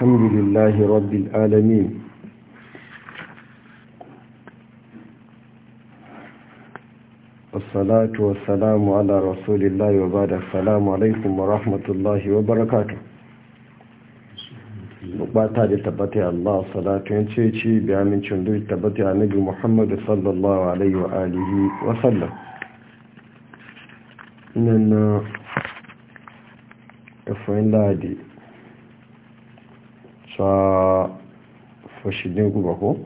الحمد لله رب العالمين والصلاة والسلام على رسول الله وبعد السلام عليكم ورحمة الله وبركاته نقبات هذه الله صلاة ونسيتي بأمن شندوي تبتي عن نبي محمد صلى الله عليه وآله وسلم إننا أفعل الله sa fashidin guba ko?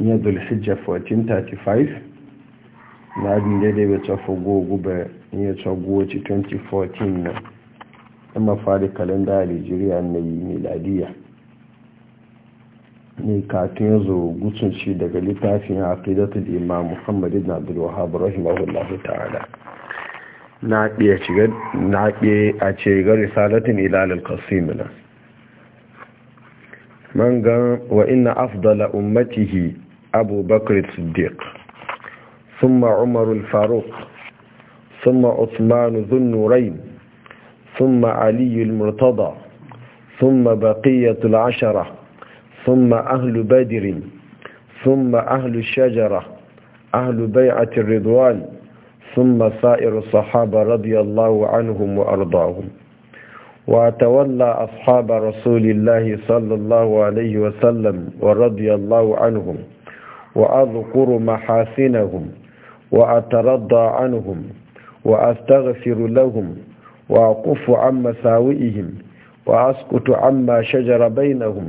ya hijja 1435 na abin daidai bai tafi guba ya tsagoci 2014 na ya mafari kalenda a nigeria na yi miladiya ne kakin ya zo gutsunci daga littafin a da imam muhammad ibn abdul rahimahullahu ta'ala na ɗaya a ce ga risalatin ilalil kasimina man gan wa ina afdala ummatihi abubakar siddiq summa umaru faruk summa usmanu zunnurain summa aliyul murtada summa baqiyatul ashara summa ahlu badirin summa ahlu shajara ahlu bai'atul ridwan ثم سائر الصحابة رضي الله عنهم وأرضاهم وتولى أصحاب رسول الله صلى الله عليه وسلم ورضي الله عنهم وأذكر محاسنهم وأترضى عنهم وأستغفر لهم وأقف عن مساوئهم وأسكت عما شجر بينهم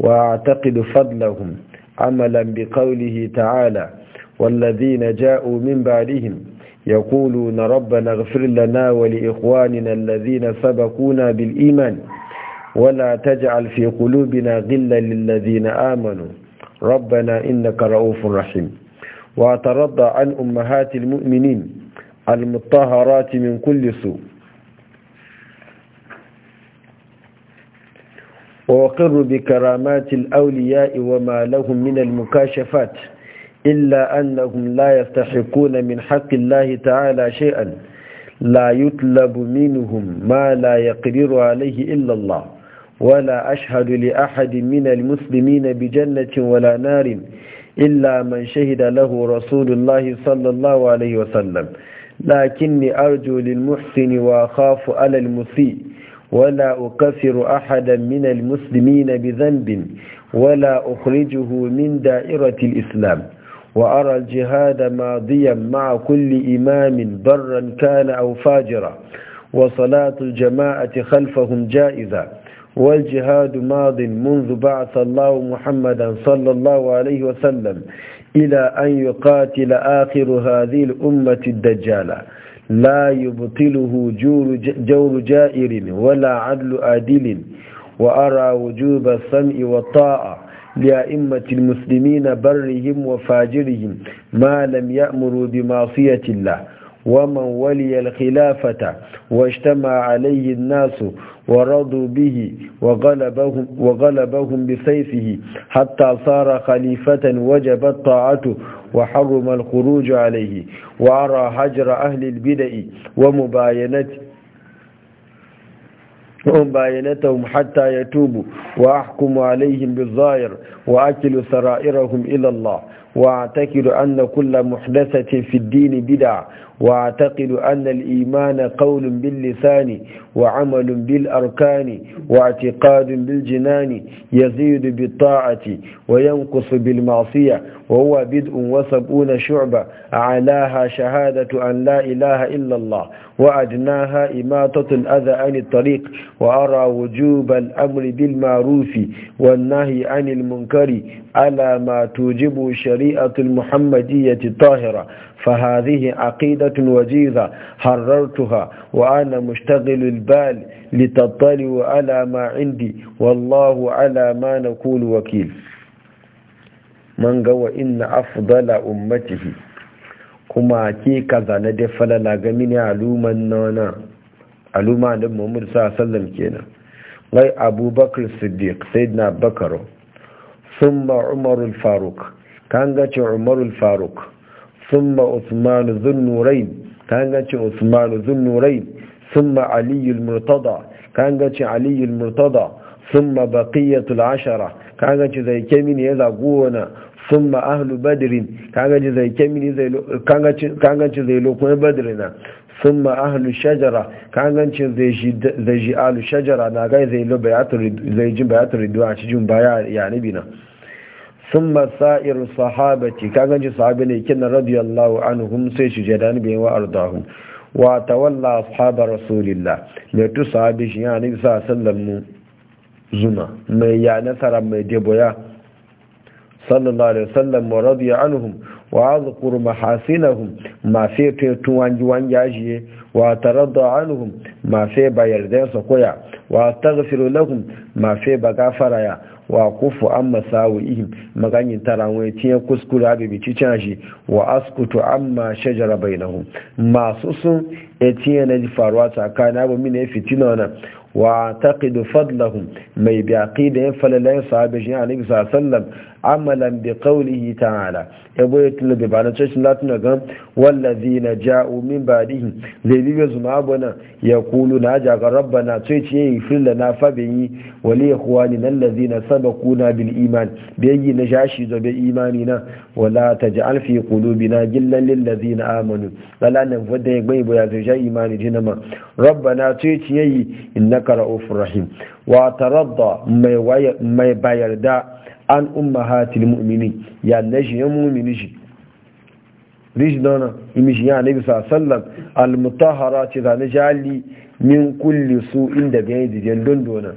وأعتقد فضلهم عملا بقوله تعالى والذين جاءوا من بعدهم يقولون ربنا اغفر لنا ولإخواننا الذين سبقونا بالإيمان ولا تجعل في قلوبنا غلا للذين آمنوا ربنا إنك رؤوف رحيم وأترضى عن أمهات المؤمنين المطهرات من كل سوء وأقر بكرامات الأولياء وما لهم من المكاشفات إلا أنهم لا يستحقون من حق الله تعالى شيئا لا يطلب منهم ما لا يقدر عليه إلا الله ولا أشهد لأحد من المسلمين بجنة ولا نار إلا من شهد له رسول الله صلى الله عليه وسلم لكني أرجو للمحسن وأخاف على المسيء ولا أكفر أحدا من المسلمين بذنب ولا أخرجه من دائرة الإسلام وأرى الجهاد ماضيا مع كل إمام برا كان أو فاجرا وصلاة الجماعة خلفهم جائزة والجهاد ماض منذ بعث الله محمدا صلى الله عليه وسلم إلى أن يقاتل آخر هذه الأمة الدجالة لا يبطله جور جائر ولا عدل آدل وأرى وجوب السمع والطاعة لأئمة المسلمين برهم وفاجرهم ما لم يأمروا بمعصية الله ومن ولي الخلافة واجتمع عليه الناس ورضوا به وغلبهم, وغلبهم بسيفه حتى صار خليفة وجبت طاعته وحرم الخروج عليه وعرى هجر أهل البدع ومباينته بيانتهم حتى يتوبوا وأحكم عليهم بالظاهر وأكل سرائرهم إلى الله وأعتقد أن كل محدثة في الدين بدع وأعتقد أن الإيمان قول باللسان وعمل بالأركان واعتقاد بالجنان يزيد بالطاعة وينقص بالمعصية وهو بدء وسبعون شعبة أعلاها شهادة أن لا إله إلا الله وأدناها إماتة الأذى عن الطريق وأرى وجوب الأمر بالمعروف والنهي عن المنكر على ما توجب شريعة المحمدية الطاهرة فهذه عقيدة وجيزة حررتها وأنا مشتغل البال لتطلع على ما عندي والله على ما نقول وكيل من قوى إن أفضل أمته كما كي كذا ندفل لغمين علوما نانا علوما نبي محمد صلى الله عليه وسلم كينا غير أبو بكر الصديق سيدنا بكره thumma umaru faruk kanga ce umaru faruk thumma uthman zunnurain kanga ce uthman zunnurain thumma ali al-murtada kanga ce murtada thumma baqiyatul ashara kanga ce zai kemi ne yaza gona thumma ahlu badr kanga ce zai kemi ne zai kanga ce kanga ce zai lokun na thumma ahlu shajara kanga ce zai zai na ga zai lo bayatul zai jin bayatul a cikin baya ya nabi na sun masa'ir sahabati kaganci sahabi ne kina radiyallahu anhum sai shi jadani bayan wa ardahum wa tawalla ashabar rasulillah mai tu sahabi shi ya nabi sa sallan mu zuma mai ya nasara mai deboya sallallahu alaihi wasallam wa radiya anhum wa azkur mahasinahum ma fi tuntun wanji wanji ajiye wa taradda anhum ma fi ba yarda koya wa astaghfiru lahum ma fi bagafara ya wa kufu an masawu ihim maganin wani tiye kuskure abu ci canji wa askutu an ma shajara bainahum masu sun etiye na ji faruwa tsakanin abu mini e fitina wannan wa taqidu fadlahum mai biaqi da ya e falala e sahabi a annabi sallallahu amalan bi qawlihi ta'ala yabo ya tuna da bana ce shin latuna ga wallazina ja'u min ba'dihi zai bi zuma bana yaqulu na ja ga rabbana ce ce yi filla na fa bi wali ikhwanina allazina sabaquna bil iman bi na jashi da bi imani na wala taj'al fi qulubina gillan lil ladzina amanu wala nan wadda ya gbai boya zai ja imani jinama rabbana ce ce yi innaka ra'ufur rahim wa taradda mai bayar da an umma ummahatil mu'minin ya nashi ya mu'mini shi rijidana imishi ya nabi sa sallam almutahara ce zane jali min kulli su inda bayan don dondona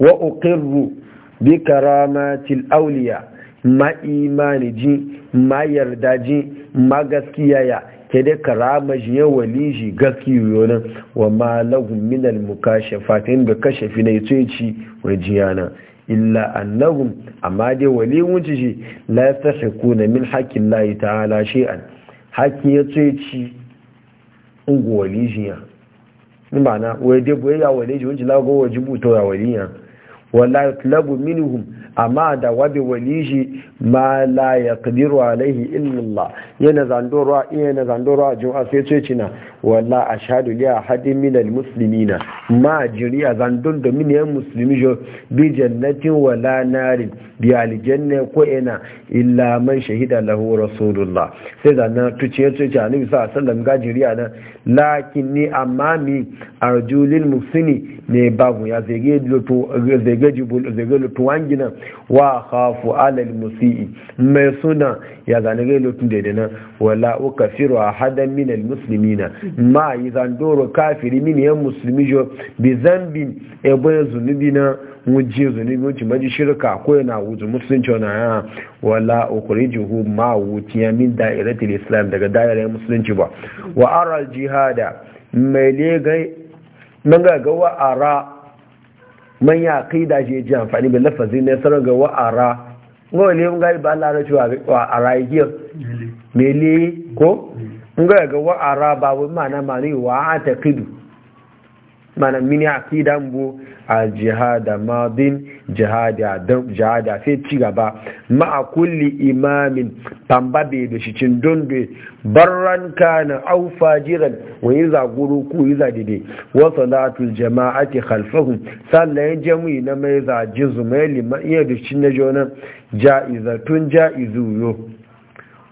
wa uqirru bi karamatil awliya ma imani ji ma yarda ji ma gaskiya ya ke da karama shi ya wali shi gaskiyo nan wa ma lahum min al mukashafatin bi kashafi ne yace ci wajiyana illa annahum amma dai wali wuce shi la na min haqqin lahi ta'ala shay'an haƙƙi ya ce ci ungo wali shi ya ni ma'ana wai dai boye ya wali shi go wajibu to ya wali ya wala yatlabu minhum amma da wabi waliji ma la ya kadiru alaihi illallah yana zandoro yana zandorwa a jum'a sai ce cina walla ashhadu haɗin minal musulmi na. ma jiriya zandon da min yan musulmi jo bi jannatin wala narin bi aljanna ko ina illa man shahida lahu rasulullah sai zanna tuce ce ce annabi sallallahu alaihi wasallam ga jiriya na lakini amma mi arjulil musulmi. ne babu ya zage lutu wangina wa hafu alal musi'i mai suna ya zane gai lutu daidai na wala uka firo a hadan minal ma yi zandoro kafiri mini yan musulmi jo bi zambin ebe zunubi na wujin zunubi wuce maji shirka ko yana wuzu musulunci na ya wala ukurijihu ma ya min da'iratul islam daga da'irar musulunci ba wa aral jihada mai legai nan ga ga wa'ara man ya aqida je ji amfani da lafazi ne sarar ga wa'ara ngo ne mun ga ba lara cewa wa'ara yi mele ko mun ga ga wa'ara ba wai ma'ana ma'ani wa taqidu mana mini akida mbu a jihada madin jihada sai ci gaba a kulli imamin bai da shi cin dundun barran ka au aufa jiran wani zaguru ku yi zadide latu jama'a jama'ati halfahun sallayen jami'i na mai zaji zumai liman da shi na jonan ja'izatun ja'izu yo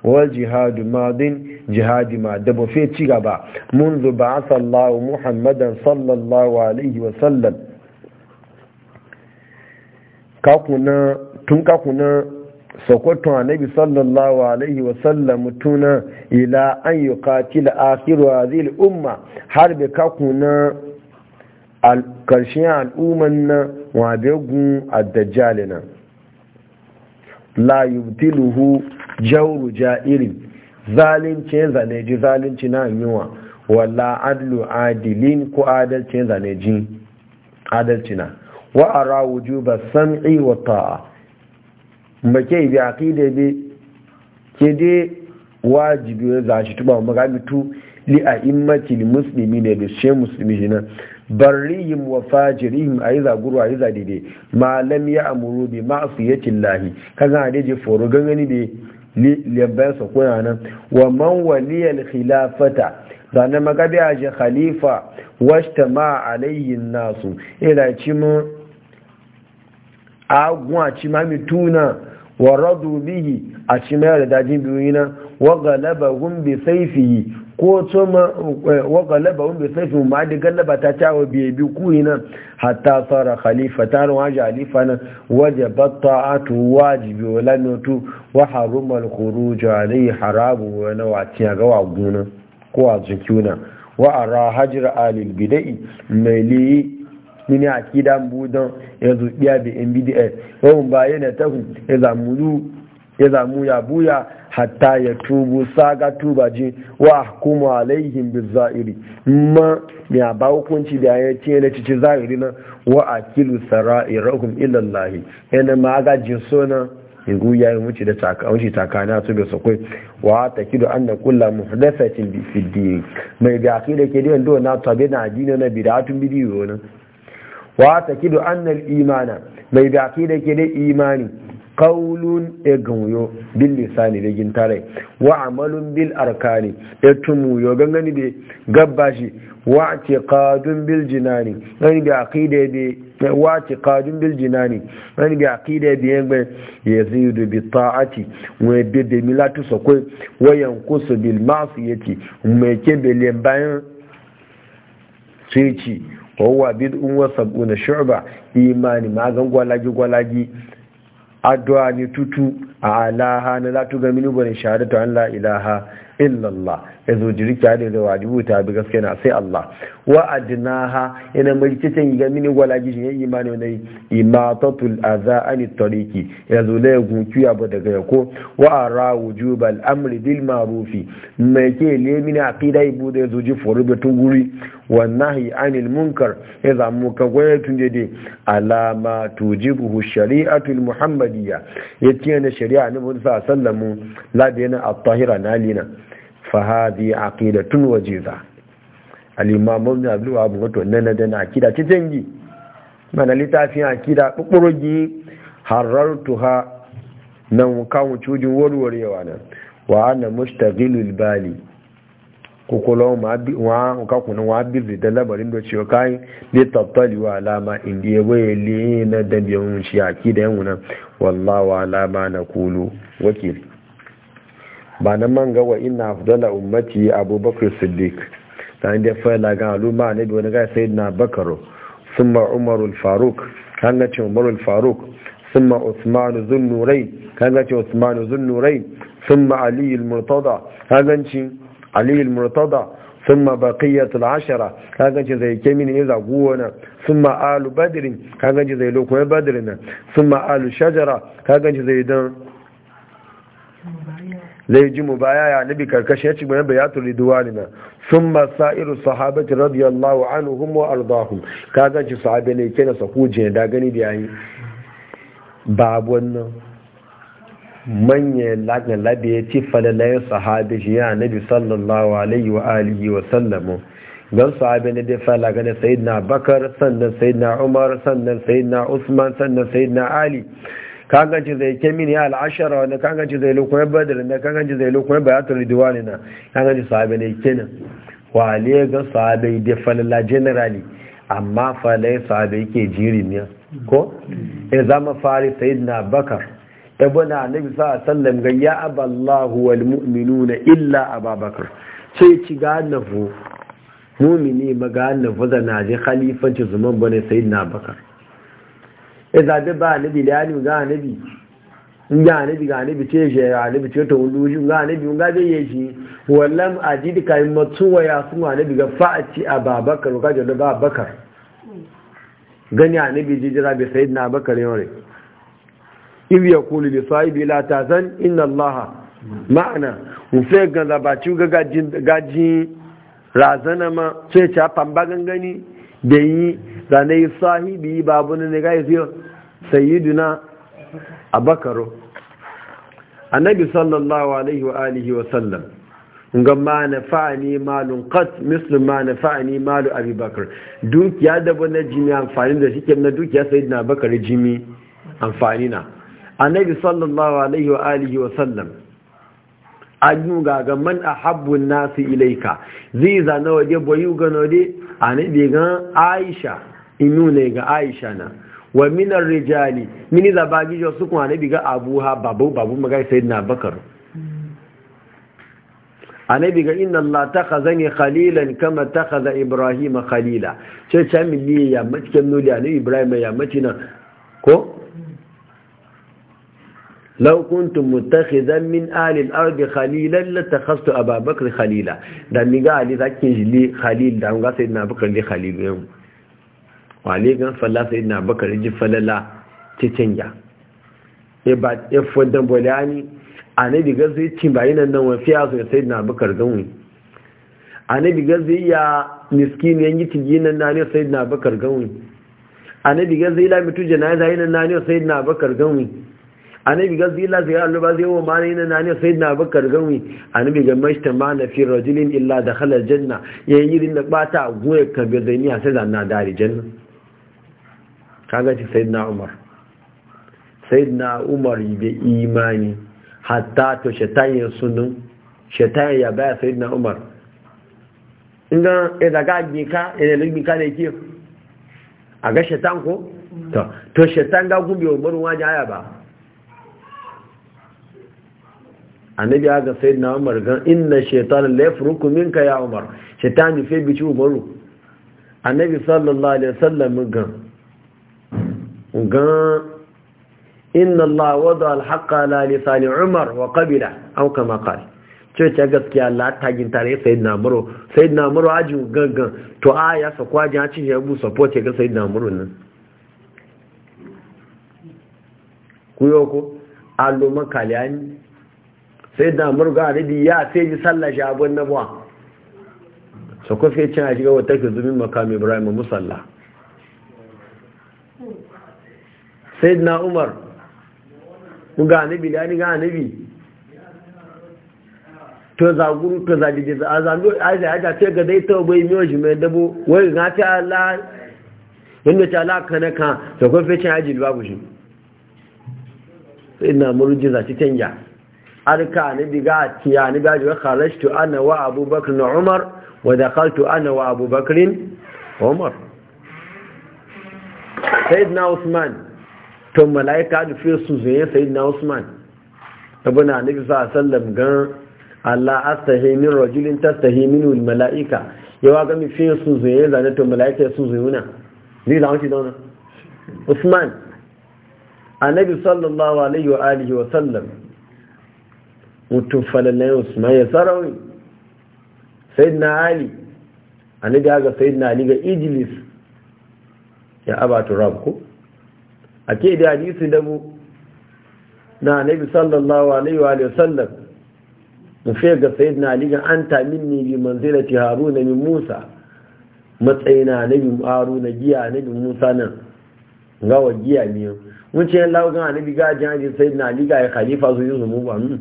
wal jihadu madin jihadi ma da bufe ci gaba munzu ba sallahu muhammadan sallallahu alaihi wasallam kakuna tun kakuna sokoton annabi sallallahu alaihi wasallam tuna ila an yi katila akiru a zil umma har bi kakuna karshen al'umman na wabegun addajjalina la yubtiluhu jawru ja'irin zalincin zane ji zalinci na yiwa wala adlu adilin ko adalcin zane ji adalci na wa ara wujuba sam'i wa ta'a mbake bi aqida bi kede wajibi za shi tuba magabi tu li a'immati lil muslimina bi shi muslimina barrihim wa fajirihim a yi zaguru a yi zadide ma lam ya amuru bi ma'asiyatin lahi kaga a foro gangani da liyabayarsa kuna nan wa man waliyar khilafata zane magabi a ji khalifa washta ma alayyin nasu ila ci mu agun a ci mami tuna wa radu bihi a ci yau da dajin biyu na wa galaba bi saifi ko tsoma eh, waka laba wanda sai su ma da galaba ta cawo biye bi kuyi nan hatta tsara khalifa ta ran waje halifa nan waje batta atu wajibi wala notu wa harumal khuruj alai harabu wa na wati ga waguna ko a jikuna wa ara hajr alil bidai mai li a akida budan yanzu biya bi mbds wa eh, bayana ta ya ya zamu ya buya hatta ya tubu saga tuba ji wa hukumu alaihim bi za'iri ma ya ba hukunci da ya ce na cici za'iri na wa akilu sara'irahum ila Allah yana ma ga jinso na ya yi wuce da takawanci takana su da sakwai wa ta kido an da kulla muhdathatin fi din mai ga da ke da dona na bi na adina na bidatun bidiyo wa ta kido an al imana mai ga da ke da imani qawlun e ganyo bil lisani da tare, wa amalun bil arkani e tumu yo gangani de gabbashi wa i'tiqadun bil jinani ngani bi aqida de wa i'tiqadun bil jinani ngani bi aqida de yengbe yazidu bi ta'ati wa de de milatu sokwe wa yanqusu bil ma'siyati meke bele bayan sai ci wa bid'un wa sab'una shu'ba imani magan gwalaji gwalaji addu'a ni tutu a alaha na latu ga minu shahadatu an la’ilaha illallah ya zo jirgin da da wajibu ta bi gaske na sai Allah wa adnaha ina mai cikin ga mini wala gishin yayi imani ne imatatul adha an tariqi ya zo da gunki ya ba daga yako wa ara wujubal amri bil ma'rufi mai ke le mini aqida ibu da zo ji da guri wa nahyi anil munkar idza muka goye tun dai-dai. alama tujibu shari'atul muhammadiyya yace na shari'a ne mun sa sallamu la at-tahira nalina fahadi tun wajiza al-imam ibn abdul wahab wato nan da na akida ci dangi mana litafin akida kukurugi harartuha nan kawo cujin warwarewa nan wa ana mustaghilul bali kokolo ma bi wa ka kunu wa bi da labarin do ciwo kai ne tattali wa alama indiye waye na da biyun shi akida yan wallahi wa alama na kulu wakil ba na man ga ina afdala ummati abubakar siddiq ta inda fayla laga aluma a nabi wani ga na bakaro ma umaru faruk kan ga ce umaru faruk summa zun nurai kan ga ce usman zunnurai sun ma Aliyu murtada ka ga ce Aliyu al sun ma baqiyatul ashara ka ga ce zai kemi ne zaguwa na ma alu Badirin, ka ga ce zai lokoye badirin sun ma alu shajara ka ga ce zai dan zai ji mu baya ya nabi karkashi ya ci bayan bayatul Sun masa sa'iru sahabati radiyallahu anhum wa Ka kaga ci sahabe ne kena sakuje da gani da yayi babu wannan manya laga ya ci falalai sahabe shi ya nabi sallallahu alaihi wa alihi wa sallam don sahabe ne da fala ga sayyidina bakar sannan sayyidina umar sannan sayyidina usman sannan sayyidina ali kanganci zai ke mini al'ashara wani kanganci zai lokon yabba da rinda kanganci zai lokon yabba ya turi diwani na kanganci sahabi ne kenan wa ne ga sahabi da falala generally amma falai sahabi ke jiri ne ko ya zama fari sayid na bakar ibuna nabi sa sallam ga ya aballahu wal mu'minuna illa ababakar sai ci ga annabu mu'mini maga annabu da naji khalifanci zuman bane sayid na bakar ya e zabe ba annabi da yani ga annabi in ga annabi ga annabi ce je annabi ce to wulu ga annabi ga zai yi shi wallam ajid kai matsuwa ya sun annabi ga fa'ati ababakar ga da babakar gani annabi jijira bi sayyidina abakar yore iz yaqulu li sahibi bi tazan inna allaha ma'ana ufe ga zabaci ga gajin gaji razana ma sai a pamba gangani da yi da ne sahibi babu ne ga yi sayyidina abakaro annabi sallallahu alaihi wa alihi wa sallam ga ma nafa'ani malun qat mislu ma nafa'ani malu abubakar dukiya da bana jimi amfani da shi kenan dukiya sayyidina abakar jimi amfani na annabi sallallahu alaihi wa alihi wa sallam an ga ga man ahabbu nasi ilaika zai zana waje boyu ga nodi annabi ga aisha inu ne ga aisha na wa minar rijali Min da ba gijo su kuma nabi ga abu ha babu babu magai sai na bakar annabi ga inna allah ta khazani khalilan kama ta khaza ibrahim khalila ce ce milli ya mutken nuli annabi ibrahim ya mutin ko law kuntum mutakhidan min ali al-ardi khalilan latakhadtu abubakr khalila dan miga ali zakin li khalil dan ga sayyidina abubakr li khalil yau wale gan falla sai na bakar ji falala cikin ya e ba e fondan bolani anabi ga zai cin bayin nan nan wani fiya sai sai na bakar ganwi anabi ga zai ya miskin yan yi tigi nan na ne sai na bakar ganwi anabi ga zai la mitu janaza yin nan ne sai na bakar ganwi annabi ga la zai Allah ba zai wa mani na nani sayyidina Abubakar ganwi annabi ga mai ma na fi rajulin illa dakhala janna yayin yin da bata goye kabir bezaniya sai da na dari janna kaga ci na umar na umar da imani hatta to shaytan sunan shaytan ya baya na umar inda idan ga gika ya ke a ga shetan ko to shetan shaytan ga gumbe umar waje aya ba annabi ya ga na umar gan inna shetan laifin yafruku minka ya umar shaytan fi bi ci umaru annabi sallallahu alaihi wasallam gan gan inna Allah wada alhaqa la lisani Umar wa kabila an kama qala Coci ta gaskiya Allah ta gin tare sayyidina Umar sayyidina Umar aji gangan to aya sa kwaji a ci yabu bu support ga sayyidina Umar nan kuyo ko allo makalani sayyidina Umar ga rabi ya sai ji sallah shi abun buwa so ko sai cin a shiga wata zumin makam Ibrahim musalla sayyidina umar mu ga anabi da ya ga anabi to za guru to za dije za a zai aje ce ga dai to bai miyo shi mai dabo wai ga ta Allah yadda ta Allah kana ka to ko fe cin aji babu shi sayyidina murji za ci canja arka anabi ga tiya anabi ga wa kharajtu ana wa abubakar na umar wa dakhaltu ana wa abubakar umar sayyidina usman to mala'ika da fiye su zuye sai na usman abin annabi sa sallam gan allah astahi min rajulin tastahi min wal mala'ika yawa gami fiye su zuye zane to mala'ika su zuye wuna zai zama shi dauna usman annabi sallallahu alaihi wa alihi wa sallam mutum falalai usman ya sarawi sayyidina ali annabi ga sayyidina ali ga ijilis ya abatu Rabu ko a ke da hadisi da mu na annabi sallallahu alaihi wa sallam mu fi ga sayyidina ali ga anta minni bi manzilati harun min musa matsayina annabi haruna giya annabi musa nan gawa giya miyo mun ce Allah ga annabi ga ji sayyidina ali ga khalifa zuwa mu ba mu hmm.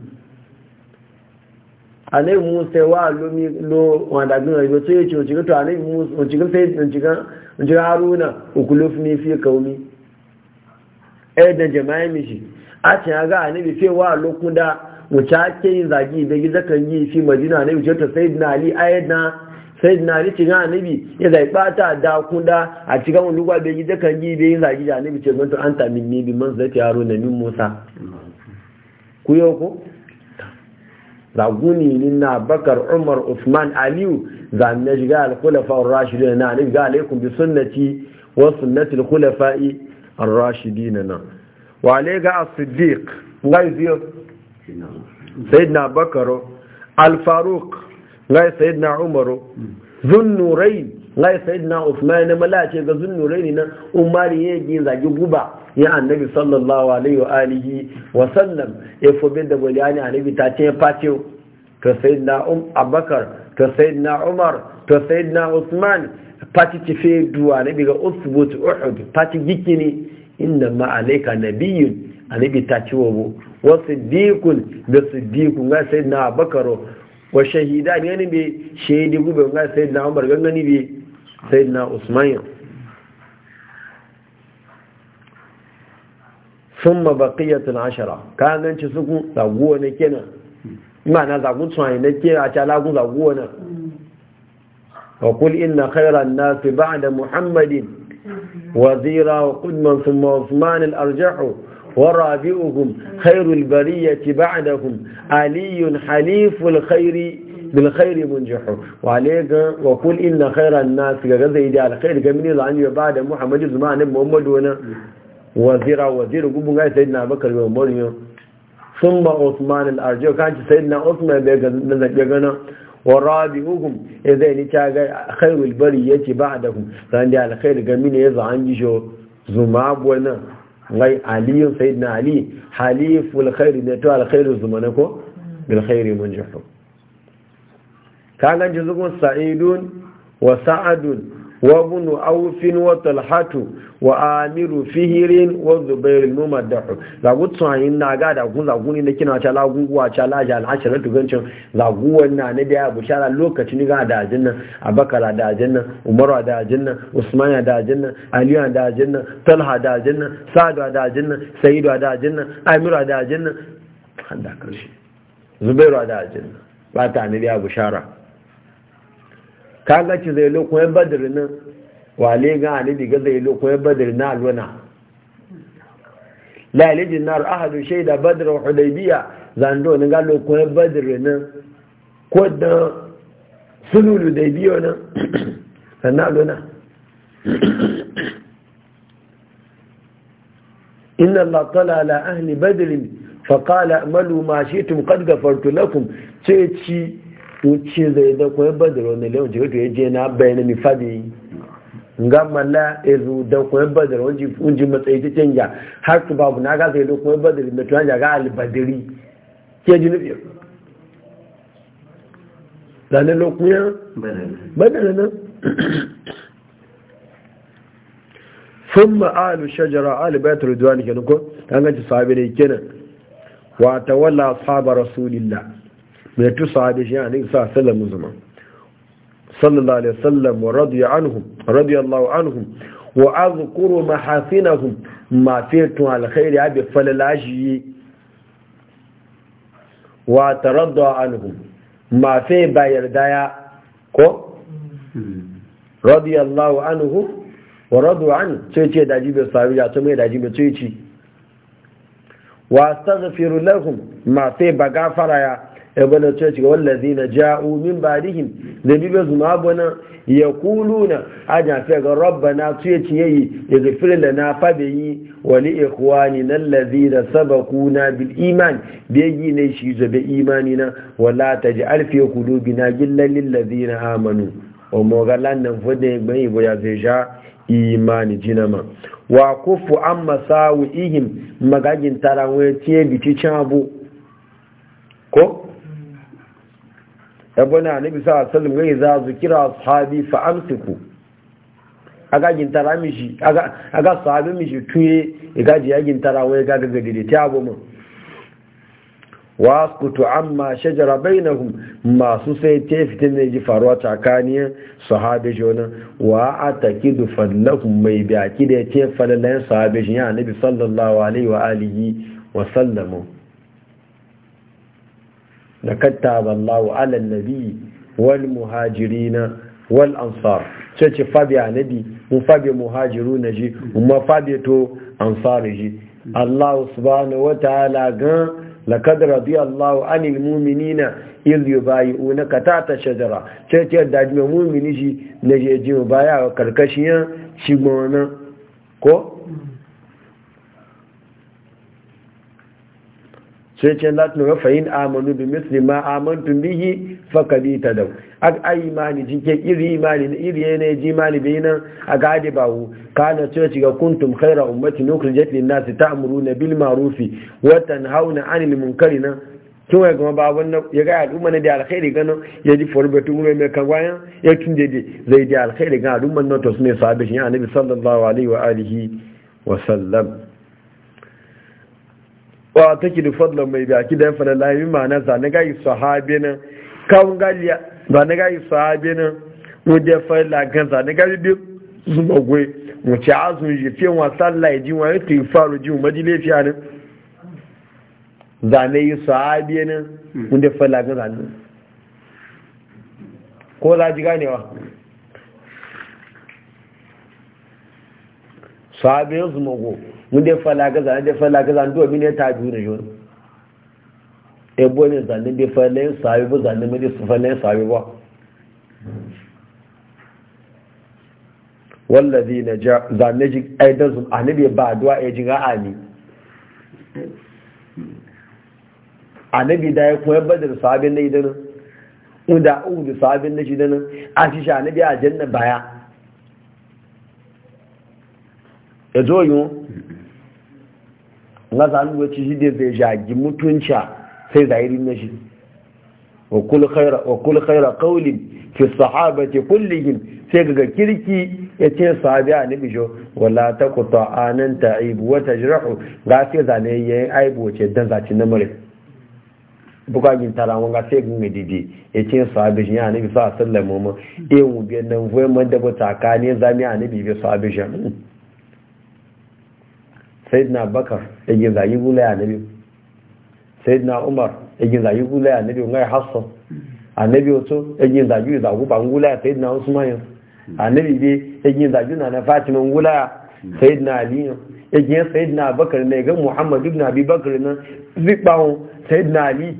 annabi musa wa lo mi lo wanda gina yo sai ce to annabi musa ce haruna ukulufni fi da jama'a mishi a ce ya ga annabi fewa a lokun da wuce ake yin zagi da gida kan yi fi majina annabi ce ta sai na ali ayat na sai na ali cin annabi ya zai bata da kunda a cikin wani lugwa da gida kan yi da yin zagi da annabi ce zan an tamin min ne bi man zai yaro na min musa ku yau ko zaguni ni na bakar umar usman aliyu zan shiga alkhulafa rashidu na annabi ga alaikum bi sunnati wa sunnati alkhulafa'i ar-rashidi na nan wale ga as-siddiq ngai ziyo sayyidina bakaro al-faruq ngai sayyidina umaru zunnurain ngai sayyidina usman na malace ga zunnurain na umar yaji zagi guba ya annabi sallallahu alaihi wa alihi wa sallam e fo be da waliani annabi ta ce patio to sayyidina abakar to sayyidina umar to sayyidina usman pati ci fe duwa ne biga usbut uhud pati gikini Inda ma alayka nabiyyun annabi ta ciwo bu wa siddiqun da siddiqun ga na abakaro wa shahida ne ne be shahidi gube ga sayyidina umar gangani be sayyidina usman summa baqiyatul ashara ka ganci suku zaguwa ne kenan ina na zagu tsayi na ke a ta lagu zaguwa ne wa qul inna khayra an-nas ba'da muhammadin وزيرا وقدما ثم عثمان الأرجح ورابئهم خير البرية بعدهم علي حليف الخير بالخير منجح وعليك وقل إن خير الناس كذا إذا على خير كمين عن بعد محمد زمان محمد ونا وزيرا وزير قبوا قاعد سيدنا بكر ومريم ثم عثمان الأرجح كان سيدنا عثمان بيجنا wa rabi'uhum ya zai ni ta ga khairul bari yace ba'dahum ran da alkhair ga mine ya zan ji jo zuma gona ngai ali sayyidina ali haliful khair ne to alkhair zuma ne ko bil khair munjahu ka ganji zugun sa'idun wa sa'adun وابن أوف وطلحة وآمر فهر وزبير الممدح لابد صحيحين ناقاد أقول لأقول إنك نعطى لأقول وعطى لأجع العشرة تغنشن لأقول نبي أبو شارع لوكة نقع دا جنة أبكر دا جنة عمر دا جنة عثمان دا جنة علي دا جنة طلحة دا جنة سعد دا جنة سيد دا جنة أمير دا جنة عندك رشي زبير دا جنة لا تعني أبو شارع kaga ci zai lo yan badirin nan wale ga ali diga zai lo yan badirin na alwana la ilijin nar ahadu shaida badr wa hudaybiya zando ne ga lo yan badirin nan ko da sululu da biyo nan sannan alwana inna الله tala على ahli badr فقال qala ما شئتم قد غفرت لكم lakum wuce zai da kwaye badaro na leon jiga to ya je na bayan mi fadi nga malla ezu da kwaye badaro unji matsayi ta canja har su babu na gasa yadda kwaye badari da tuwa jaga albadiri ke ji nufi zane lokuyan badara nan sun ma'alu shajara alibayatar ne kenan ko an ganci sahabi ne kenan wata wala saba rasulillah mai tu sahabi shi ne sa sallallahu zuma sallallahu alaihi wasallam wa radiya anhum radiyallahu anhum wa azkuru mahasinahum ma fi tu alkhairi abi falalashi wa taradda anhum ma fi bayar daya ko radiyallahu anhum wa radu an sai ce daji bai sahabi ya to mai daji bai ce ci wa astaghfiru lahum ma fi bagafara ya ebola church ga wallazi na ja'u min ba'dihim da bibe zuma bona yaquluna aja fi ga rabbana tuye ciyayi ya zafir na fa yi wa li ikhwanina allazina sabaquna bil iman biyi ne shi zabe imani na wala taj'al fi qulubina gillan lil ladina amanu o mo ga lan nan fode gbe ibo ya veja imani jinama wa kufu amma ihim magagin tarawih tiye can abu ko yabona nabi sallallahu alaihi wasallam wani za zikira ashabi fa amsiku aga gintara mishi aga aga sahabi mishi tuye iga ji ya gintara wai ga ga dide ta abu mu waskutu amma shajara bainahum masu sai ta fitin ne ji faruwa tsakanin sahabi jona wa atakidu fallahum mai baki da ya ce falalan sahabi jona nabi sallallahu alaihi wa alihi wa sallam da kattaba Allah wa ala nabi wal muhajirina wal ansar sai ce fabi a mun fabi muhajiru na ji mun ma fabi to ansar ji Allah subhanahu wa ta'ala ga laqad radiya Allah anil mu'minina il yubayi'unaka ta'ta shajara sai ce da mu'mini ji ne ji mu baya karkashin shi gona ko sai ce latin ga fahim amanu bi misli ma amantum bihi fakadi ta dau ak ai imani jike iri imani na iri ne ji imani bi nan a gadi hu kana ce ci ga kuntum khaira ummati nukhrijat lin nas na bil ma'rufi Watan hauna 'anil munkari nan tun wai kuma ba wannan ya ga al'umma na da alkhairi gano ya ji forbatu mu mai kan ya tun de zai da alkhairi gano al'umma na to sune sabishin shi annabi sallallahu alaihi wa alihi wa sallam wa ta ki fadla mai bi da dan fara lahi ma'ana za na gai sahabi nan kan galiya za na gai sahabi nan mu da fara kan za na gai bi zuma gwe mu ci azu ji fi wa sallah ji wa ta faru ji mu dile fi anan za na yi sahabi nan mu da fara kan za nan ko za ji ganewa sahabi zuma gwe wanda dai gaza wanda fala gaza ndo mi ne ta juri jo e bone zanne dai fa en sawi bo zanne mi de fala en sawi bo wallazi na ja zanne ji aidan su annabi ba addu'a ya ji ga'ani annabi da ya koyar badar sahabin na idan da da sahabin na idan a shi sha annabi a janna baya ya zo nga za mu ci shi da zai jagi mutunci sai zahirin na shi wa kul khaira wa kul khaira qawlin fi sahabati kullihim sai ga kirki ya ce sahabi annabi jo wala ta anan aibu wa tajrahu ga sai zane yi aibu ce dan zaci na mare buka gin tara ga sai gun didi ya ce sahabi shi annabi sallallahu alaihi wasallam mu e mu biyan nan voye mun da ba takane zami annabi bi sahabi shi sayyidina bakar yake zayi gula ya nabi sayyidina umar yake zayi gula ya nabi ngai hafsa annabi wato yake zayi da ku ban gula ya sayyidina usman annabi bi yake zayi na na fatima gula ya sayyidina ali yake sayyidina bakar ne ga muhammad ibn abi bakar nan zibawo sayyidina ali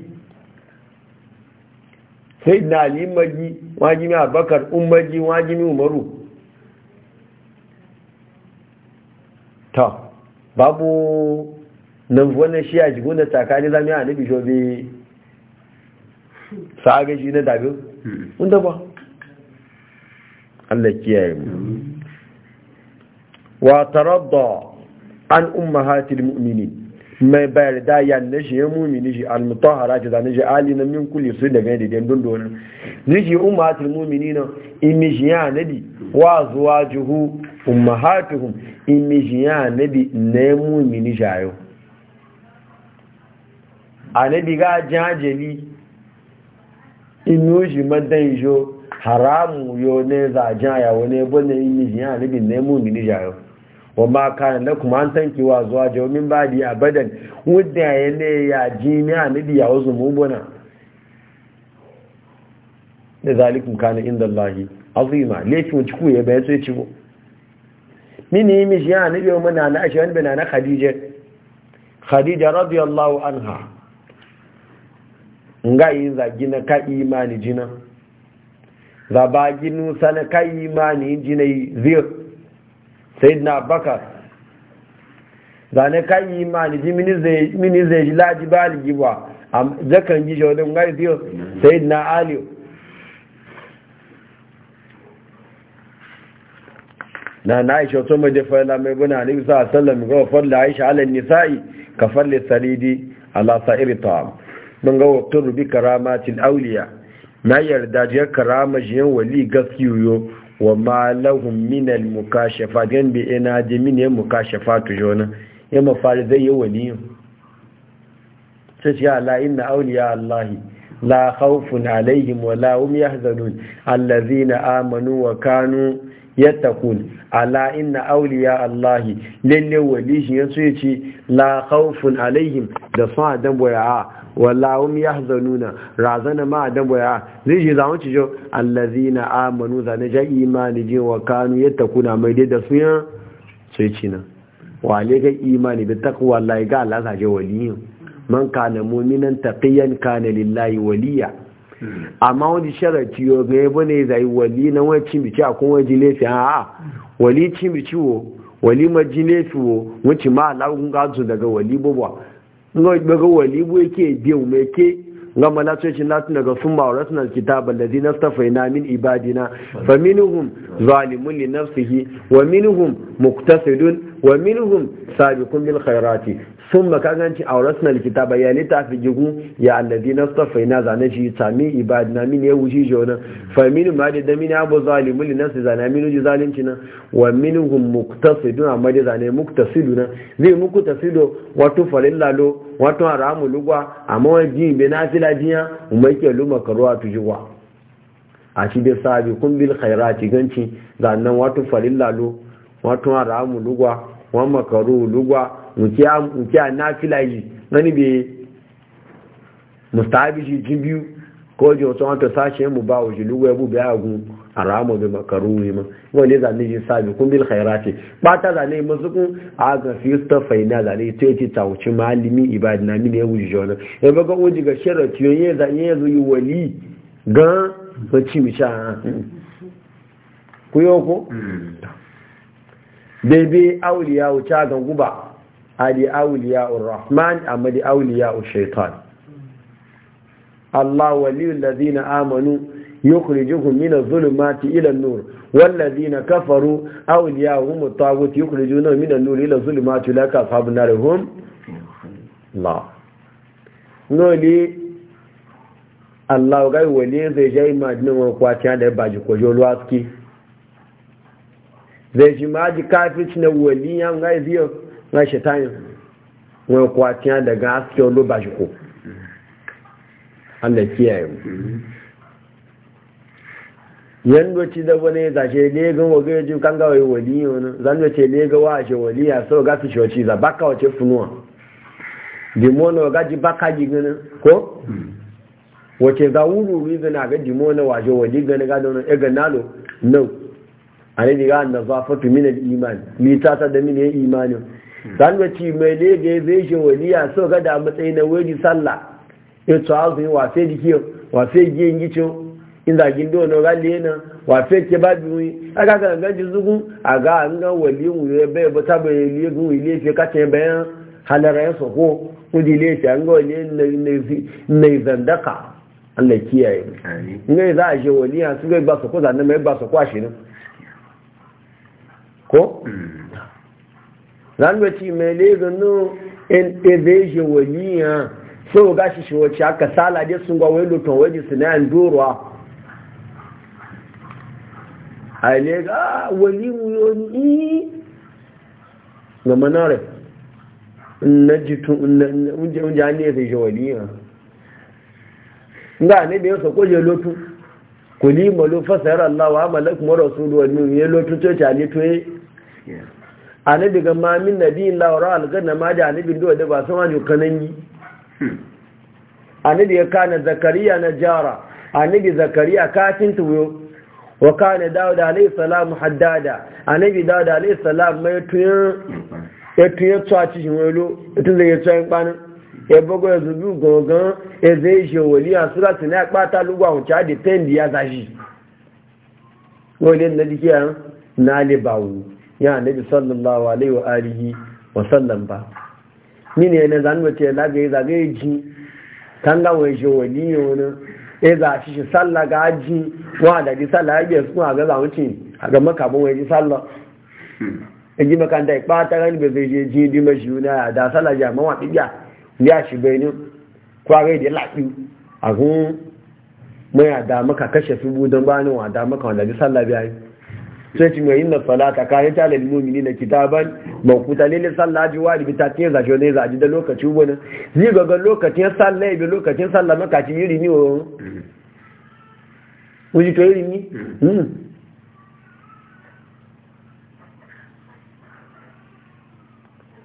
sayyidina ali maji wajimi abakar ummaji wajimi umaru ta babu nan wannan shi a shigo na tsakani zami a nabi shobe sa'aga shi na dabi wanda ba Allah kiyaye mu wa taradda an ummahatil mu'mini mai bayar da yanne shi ya mumini shi almutahara ta zane shi ali na min kuli su daga yadda dan don don ni umma ummatul mu'mini na shi ya nabi wa juhu. ummahatuhum imijiya anabi nemu mini jayo anabi ga jajeli inuji madanjo haramu yo ne za jaya wani bane imijiya anabi nemu mini jayo wa ma kana na kuma an tanki wa zuwa jomin badi abadan wadda ya ne ya ji ni anabi ya wasu mubuna da zalikum kana inda Allah azima lekin ciku ya bayan sai ciku mini mi shi ya nabi wa na na ashirin bin na khadija khadija radiyallahu anha nga yi zagi na ka imani jina ba ginu sana ka imani jina zir sayyidina bakar zane ka imani ji mini zai ji laji ba aligiwa zakan ji shaudin nga zir na aliyu na na aisha to mai dafa la mai guna ni sa sallam ga fadla aisha ala nisa'i ka fadli saridi ala sa'iri ta'am mun ga rubi bi karamatil awliya na yarda je karama jiyan wali gaskiyoyo wa ma lahum min al mukashafa gan bi ina ji min ya mukashafa tu jona ya mafari zai yi wali sai ya la inna awliya allahi la khawfun alaihim wa la hum yahzanun allazina amanu wa kanu yattakun ala inna auliya allahi lalle wali shi ya so la khawfun alaihim da sun adan boya wala hum yahzanuna razana ma adan boya zai ji zamu ci jo allazina amanu zane ja imani je wa kanu yattakuna mai dai da suya so ci na le ga imani bi taqwa allahi ga Allah sa je waliyin man kana mu'minan taqiyan kana lillahi waliya Hmm. amma wani sharati yau ga yabo ne zai wali na wani cimbici a kuma wajen laifi a wali cimbici wo wali maji laifi wo wuce ma alagun gazu daga wali bubwa daga wali bu yake biyu mai ke ga malatocin latin daga sun ma'aurat na kitab allazi nastafaina min ibadina fa minhum zalimun li nafsihi wa minhum muktasidun wa minhum sabiqun bil khairati sun makaganci a wurin likita bayanai ta fi gigu ya alladi na stafai na zane shi sami ibadi na mini ya wuce shi wani faminu ma da damini abu zalimu ne nasu zane minu ji zalimci na wa minu hun muktasidu ma da zane muktasidu na zai muktasidu wato farin lalo wato haramu lugwa a mawa ji bai na fila jiya umar ke luma karuwa tujigwa a shi dai sabi kun bil khairati ganci zanen wato farin lalo wato haramu lugwa wa makaru lugwa nke a nafila yi wani bai mustahabi shi jin biyu ko ji wasu wata sashe mu ba wa shi lugu ya bu biya a ramu bai makaru ne ma wani zane yi sabi kun bil khaira ce ba ta zane masu kun a ga fi ta faina zane ta yi ta wuce malimi ibadi na mini ya wuce jona ya baga wuce ga shirar tiyo ya zane ya zuyi wali gan wacce mi sha ku yau ko mm. bebe auliya wuce ga guba ali awliya ar-rahman amma di awliya ash-shaytan Allah waliyul ladina amanu yukhrijuhum min adh-dhulumati ila an-nur kafaru والذين كفروا أولياءهم الطاغوت يخرجون من النور إلى الظلمات أولئك أصحاب النار هم la Noli Allah gai wali zai jai madina wani kwatiya da baji ko kwajo luwaski zai shi maji kafin na wali gai ngai na shaitan wai daga haske wani ba shi ko Allah kiyaye mu ci da wani da shi ne ga waga yaji kan wani zan ce ne ga wa shi wali ya so ga su shoci za baka wace funuwa dimono ga ji baka ji gana ko wace za wuru ri ga dimono wa shi wali gana ga don e zanwaci hmm. mai lega zai shi waliya so ga da matsayi na wani sallah ya tsawa su yi wafe jiki wafe giyan gicin inda gindo na rali yana wafe ke ba biyu a kaka ganci a ga an ga waliyan wuye bai ba ile fi kace bayan halara ya soko kudi ile an ga waliyan na zandaka allah kiyaye za a shi waliya su ga ba soko zanen mai ba soko a shi ko hmm. zanwaci mai legano in evasion waliya so ga shi shi wace aka sala dai sun gwawai luton waje su na yandoruwa ah, ah, a ile ga wali wuyoni ga manare na jitun unje ne zai shi waliya ga ne da yasa kwaje lotu kuli malo fasayar allawa malakun marasu da wani ne lotu coci a ne toye anabi ga ma min nabiyin lawara alganna ma da annabin duwa da ba sama ju kanan yi hmm. anabi ya kana zakariya na jara annabi zakariya katin tuyo wa kana dawud alayhi salam haddada anabi dawud alayhi salam mai tuyin ya tuyin tsaci shi wolo, tun da ya tsayin kwanin ya bago ya zubi gangan ya zai shi wali a sura tana ya kpata lugwa wuce a da ta yin da ya zashi wani na dikiya na libawu ya annabi sallallahu alaihi wa alihi wa sallam ba ni ne ne zan wace lagaye zagaye ji kan ga wai jo wani wani e za shi shi sallah ga ji wa da ji sallah ya su ga za wuce ga maka bon wai ji sallah e ji maka dai ba ta ran be zai ji di ma shi na da sallah ya ma wa diga ya shi bai ni ko ga da lafi a gun mai da maka kashe su budan bani wa da maka wanda ji sallah biya sai cin yayin na salata ka ya tale mumini na kitaban mawkuta lele sallah ji wadi bi tatin za shi ne za ji da lokaci wani zi ga lokacin sallah bi lokacin sallah maka ci yiri ni o wuji to yi ni hmm.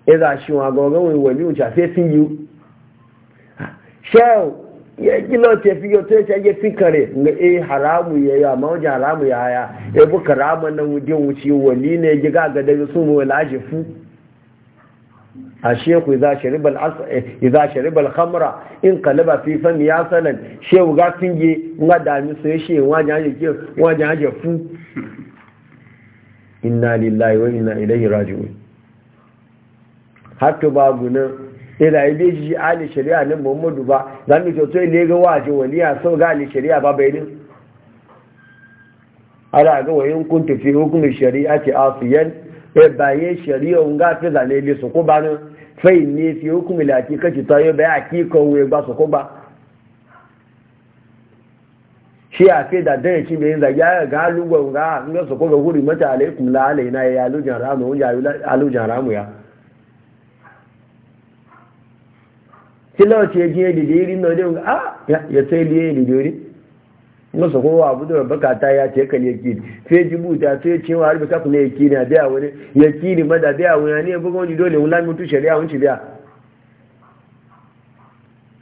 e za shi wa ga ga wani wani wuce sai sun yi shell ya ji na tafi yau ta ya fi kare na e eh, haramu ya yi amma wajen haramu ya haya ya bu karama na wajen wuce wani ne ya giga ga daga sun mu wala fu a sheku idza shariba al eh, idza shariba in qalaba fi fan ya sanan shehu ga tinge nga dami su ya shi wajen aji ke wajen fu inna lillahi wa inna ilaihi raji'un hatta babu nan ila ibe shi ali shari'a nan muhammadu ba za mu ce sai lega waje waliya sau ga ali shari'a ba bai din ala ga wayin kun tafi hukumin shari'a ce asiyan e baye shari'a un ga fi zane le su ko ba nan fai ne fi hukumin lati kaci ta yi bai akika we ba su ko ba shi a fi da dan shi mai zagi ga lugwa ga ga su ko ga huri mata alaikum la alaina ya alujan ramu ya alujan ramu ya tí lọ́wọ́ ti ẹjìn èdèdè rí náà dé ọ̀gá yẹtọ́ ilé èdèdè rí wọ́n sọ fún wa àbúdó rẹ̀ bọ́kàtà ya tẹ́ sai kiri tí ẹjì búùtà tí ẹ tiẹ́ wọn àríbẹ̀ kákùnlé kiri àbí àwọn yẹ kiri mọ́dà bí àwọn yẹn ní ẹgbẹ́ wọn jù dọ́ọ̀lẹ̀ ńlá mi àwọn ti bí a.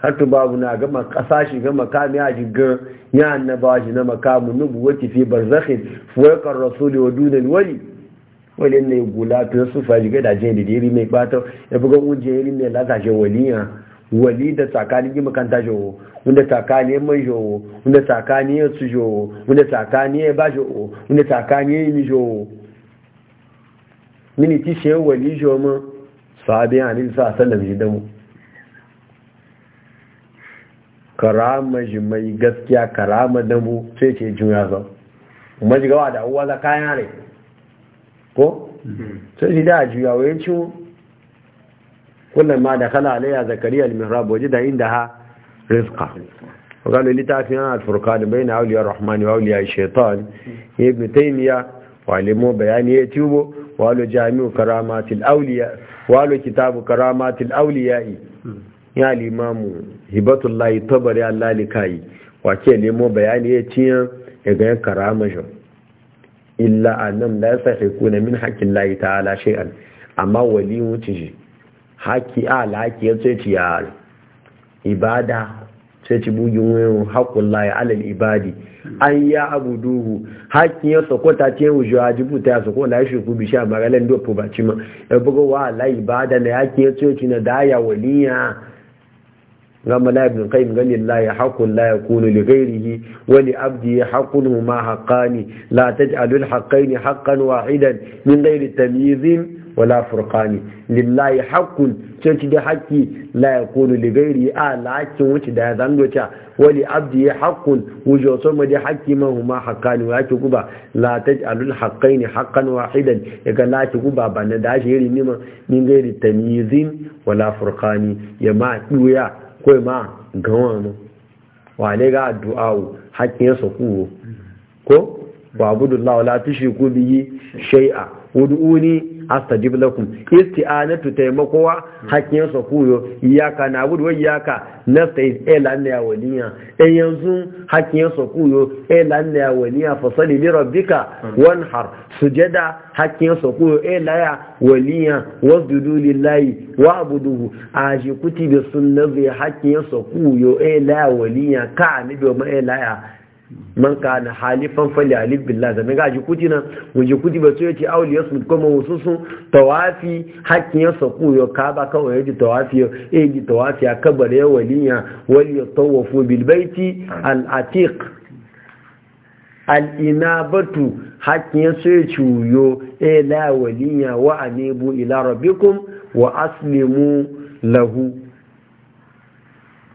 hatu babu na ga makasashi ga makami a jigan ya annabawa shi na makamu nubu wata fi barzakhin fuwakar rasuli wa dunan wali wali ne gula ta su faji ga da jini da iri mai bata ya iri waliya wali da tsakanin yi makanta jowo wanda tsakani mai jowo wanda tsakani ya su jowo wanda tsakani ya ba jowo wanda tsakani ya yi jowo mini ti yau wali jowo sabi a nil sa sallam shi damu karama shi mai gaskiya karama damu sai ce juna zau majigawa da uwa za kayan rai ko mm-hmm. sai shi da juya wayancin kullum ma da kala alayya zakariya al-mihrab waje da inda ha rizqa وقالوا لتعفين الفرقان بين أولياء الرحمن وأولياء الشيطان ابن تيمية وعلموا بيان يتوبوا وقالوا جامع كرامات الأولياء وقالوا كتاب كرامات الأولياء يا الإمام هبة الله طبر الله لكاي وكي علموا بيان يتين يبين كرامة إلا أنهم لا يستحقون من حق الله تعالى شيئا أما ولي تجي haki ala haki ya ce ya ibada sai ci bugin wuyan haƙun laye alal ibadi an ya abu duhu haƙin ya sokota ce wujo a jibuta ya soko na ya shirku bishiya a maralin dopo ba ci ma ya buga wa ala ibada na haƙin ya ce na daya waliya gama la ibn qayyim gani la ya haqqun la yakunu li wani abdi li abdi haqqun huma haqqani la taj'alul hakan haqqan wahidan min gairi tamyizin wala furqani lillahi haqqun ce ci da haqqi la yaqulu li ghairi a la wuce da zan doca wali abdi haqqun wujo so mu da haqqi ma huma haqqani wa ki guba la taj'alul haqqaini haqqan wahidan ga la ki guba ba na da shiri ni ma min ghairi tamyizin wala furqani ya ma duya ko ma gawan wa ne ga addu'a haqqin sa ku ko wa abudullahi la tushiku bihi shay'a wudu'uni astajib lakum isti'anatu taimakowa hakkin sa kuyo iyaka na gudu wa iyaka nastaiz elan ya waliya e yanzu hakkin sa kuyo elan ya waliya fasali li rabbika wanhar sujada hakkin sa kuyo elaya waliya wasjudu lillahi wa'buduhu aji bi sunnati hakkin sa kuyo elaya waliya ka ni do ma elaya man na halifan fali alif billah da ga ji kuti nan mu kuti ba so yace awli yasmu kuma mususun tawafi hakki yasa saku yo ka ba waye yaji tawafi yo eh ji tawafi a kabar ya waliya wal yatawafu bil baiti al atiq al inabatu hakkin yasa yace yo eh la waliya wa anibu ila rabbikum wa aslimu lahu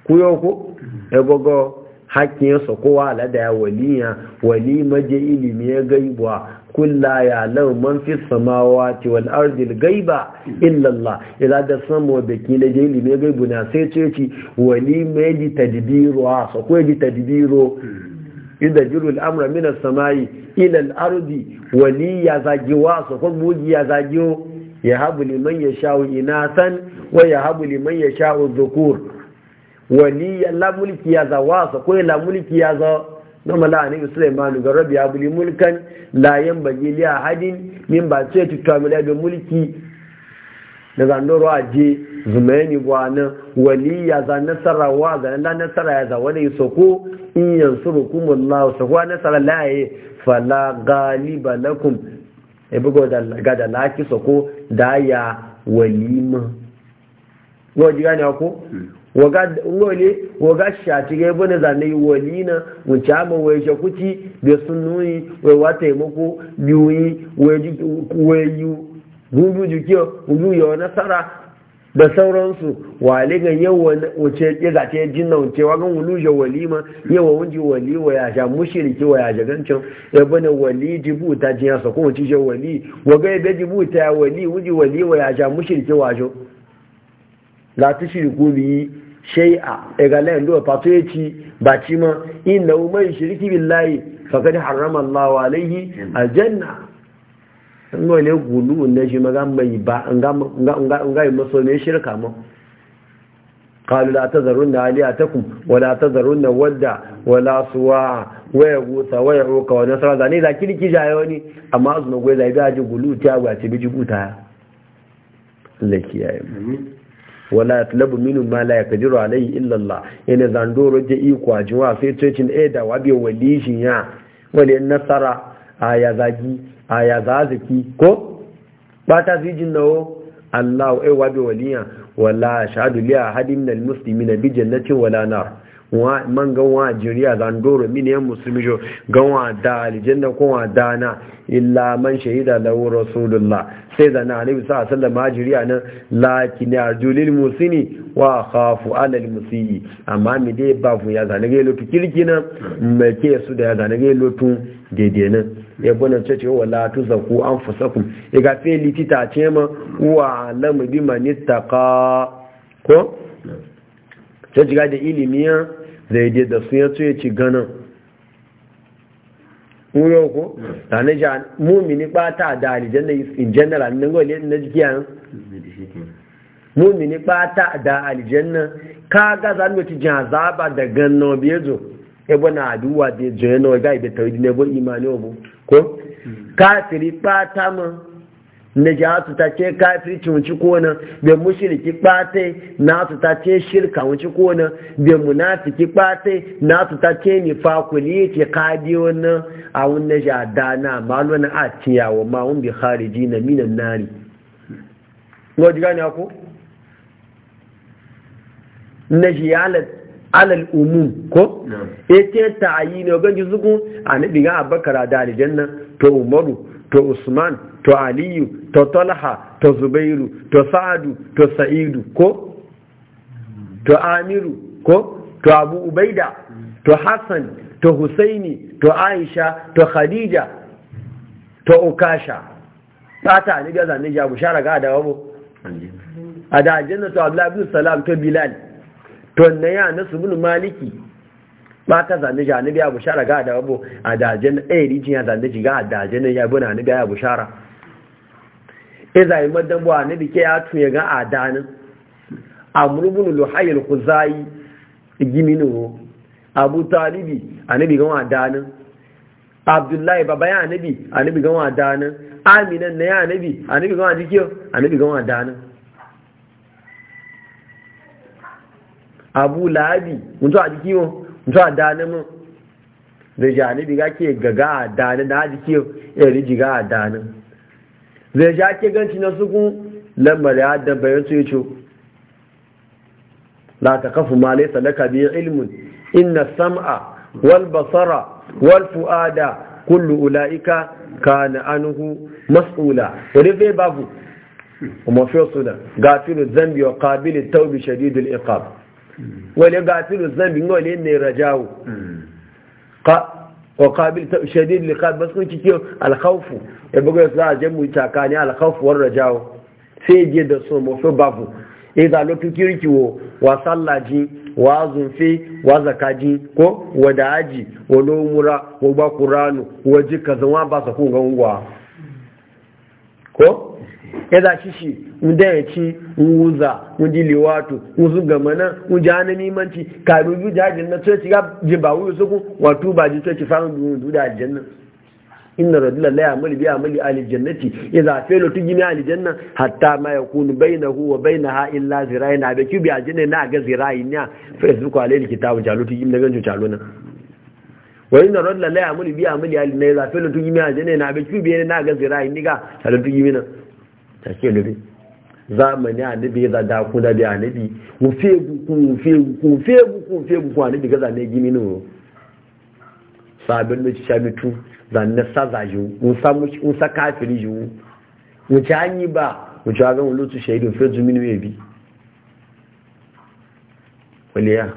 kuyo ko e gogo hakkin ya kowa alada ya waliya wali maje ilimi ya gaibuwa kulla ya lau man fi samawati wal arzil gaiba illallah ila da samu da na je ilimi ya gaibu na sai ce ci wali mai ji tadbiro a sako ji tadbiro inda jiru al'amura mina samayi samai arzi ardi wali ya zagi wa sako muji ya zagi ya habu liman sha'u inatan wa ya habu liman sha'u zukur wali la mulki ya za wasa ko la mulki ya za na mala ne Sulaiman ga rabbi ya buli mulkan la yan bagi li ahadin min ba ce tu kamila da mulki da ndoro aje zumaini bwana wali ya za nasara wa ga na nasara ya za wani soko in yansurukum Allah wa nasara la yi fala galiba lakum e bugo da ga da laki soko da ya walima go diga ne ko hmm. waga shaci ga yabo na zane wali na wuce ama wai shakuci da sununi wai wata taimako biyoyi wai yi gudu jikiyo gudu yawa nasara da sauransu wale ga yawa wuce ƙiza ta yi jinna wuce wagan wuluje walima yawa wunji wali wa ya sha mushiriki wa ya jagancin ya bane wali jibu ta jiya sa kuma ci shi wali waga ya e bai jibu ta ya wali wunji wali wa ya sha mushiriki wa shi la ta shirku biyi shai'a egale ndo fato yaci ba ci ma inna umay shiriki billahi faqad harrama Allah alayhi aljanna ngo le gulu ne shi magan bai ba nga nga nga maso ne shirka ma. mu da la tazarunna aliyatakum wa la tazarunna wadda wa la suwa wa yuta wa yuka wa nasra zani da kiriki jayo ni amma azu ngo le da ji gulu ta ba ci biji buta lekiya amin wala talabu minu ma la yakdiru alayhi illa Allah ina zandoro je iko ajuwa sai eh da wabi wali ya wali nasara aya zagi aya zaziki ko bata zijin nawo Allah eh wabi waliya wala shahadu li ahadin min almuslimina bi jannati wala nar man gan wa jiriya zan doro mini yan musulmi jo gan wa da aljanna ko wa dana illa man shahida lahu rasulullah sai zana alaihi sa sallama jiriya nan lakin arjulil musini wa khafu ala musii amma mi dai ba fu ya zane ga lotu kirki nan me ke su da ya zane ga lotu daidai nan ya bana ce ce wala an anfusakum ya ga fe litita ce ma wa lam bi manittaqa ko ta jiga da ilimiya zai dai da sun yato ya ci ganin wuyo ku mm. ta na ja mumini ta da na in general na gole na jikiya mumini ta da alijanna ka gaza za mu ci jazaba da biye zo ebo na aduwa da je no ga ibe tawidi ne bo imani obu ko mm. kafiri ta mu na ji hatu ta ce kafirci wuci kona bai mushiriki ɓate na hatu ta ce shirka wuci kona bai munafiki ɓate na hatu ta ce ni fakuli ce kadi wani a wani ji adana ma wani a ciyawa ma wani bi hariji na minan nari ga ji gani ako na ji alal umum ko ya ce ta ayi ne ga ji zugun a nabi ga abakar da nan to umaru to usman to aliyu to talha to zubairu to sa'adu to sa'idu ko to amiru ko to abu ubaida to hassan to husaini to aisha to khadija to ukasha fata ne ga zane ja bushara ga da babo a da aljanna to abdullahi ibn salam to bilal to naya nasu ibn maliki ba zaneji zane ji annabi ya bushara ga da abu a dajen ɗaya eh, rijin ya zane ji ga a dajen ya bu na annabi ya bushara e zai madan bu annabi ke ya tuye ga a danin amurbun luhayil kuzai giminu abu talibi annabi ga wa danin abdullahi baba ya annabi annabi ga wa danin aminan na ya annabi annabi ga wa jikiyo annabi ga wa danin abu labi mun a jikiyo zuwa dani mun da janibi ga ke gaga a dani da haji ke iri jiga a dani zai ja ke ganci na sukun lambar ya da bayan su co la ta kafu ma laisa laka bi ilmun inna sam'a wal basara wal fuada kullu ulaika kana anuhu mas'ula wani bai babu kuma da. suna gafiru zambi wa kabilin taubi shadidul iqab wale gafiru zambi wale ne rajawu wa qabil shadid liqab bas kun kike alkhawf e ya bugo je jamu takani alkhawf war rajawu sai je da so mo so babu idza e lo kirki wo wa sallaji wa zunfi wa zakaji ko wa da'aji, wa lomura wa ba qur'anu wa jika zawa ba sa kun gangwa ko ya za shi shi da ya ci wuza wuji liwato wuzu gama nan wuji hana nimanci karu biyu jajin na tsoci ga ba wuyo suku wato ba ji tsoci fahimu biyu duda aljanna inna radila la ya'malu biya amali ahli jannati idza fa'ala tujmi gini janna hatta ma ya yakunu bainahu wa bainaha illa na abi kubi ajine na ga zirai niya facebook wa alayhi kitabu jalo tujmi daga jo jalo na wa inna rajula la ya'malu bi amali ahli na idza fa'ala tujmi ajine na abi kubi na ga zira'in diga jalo tujmi na take lube zamani annabi ya zada ku da biya annabi ku fegu ku fegu ku fegu ku fegu ku annabi ga zane gimi no sabin da shamitu zanne sazajo mun samu mun saka firiju mun ci hanyi ba mun ci ga mun lutu shaidun fezu minu yabi waliya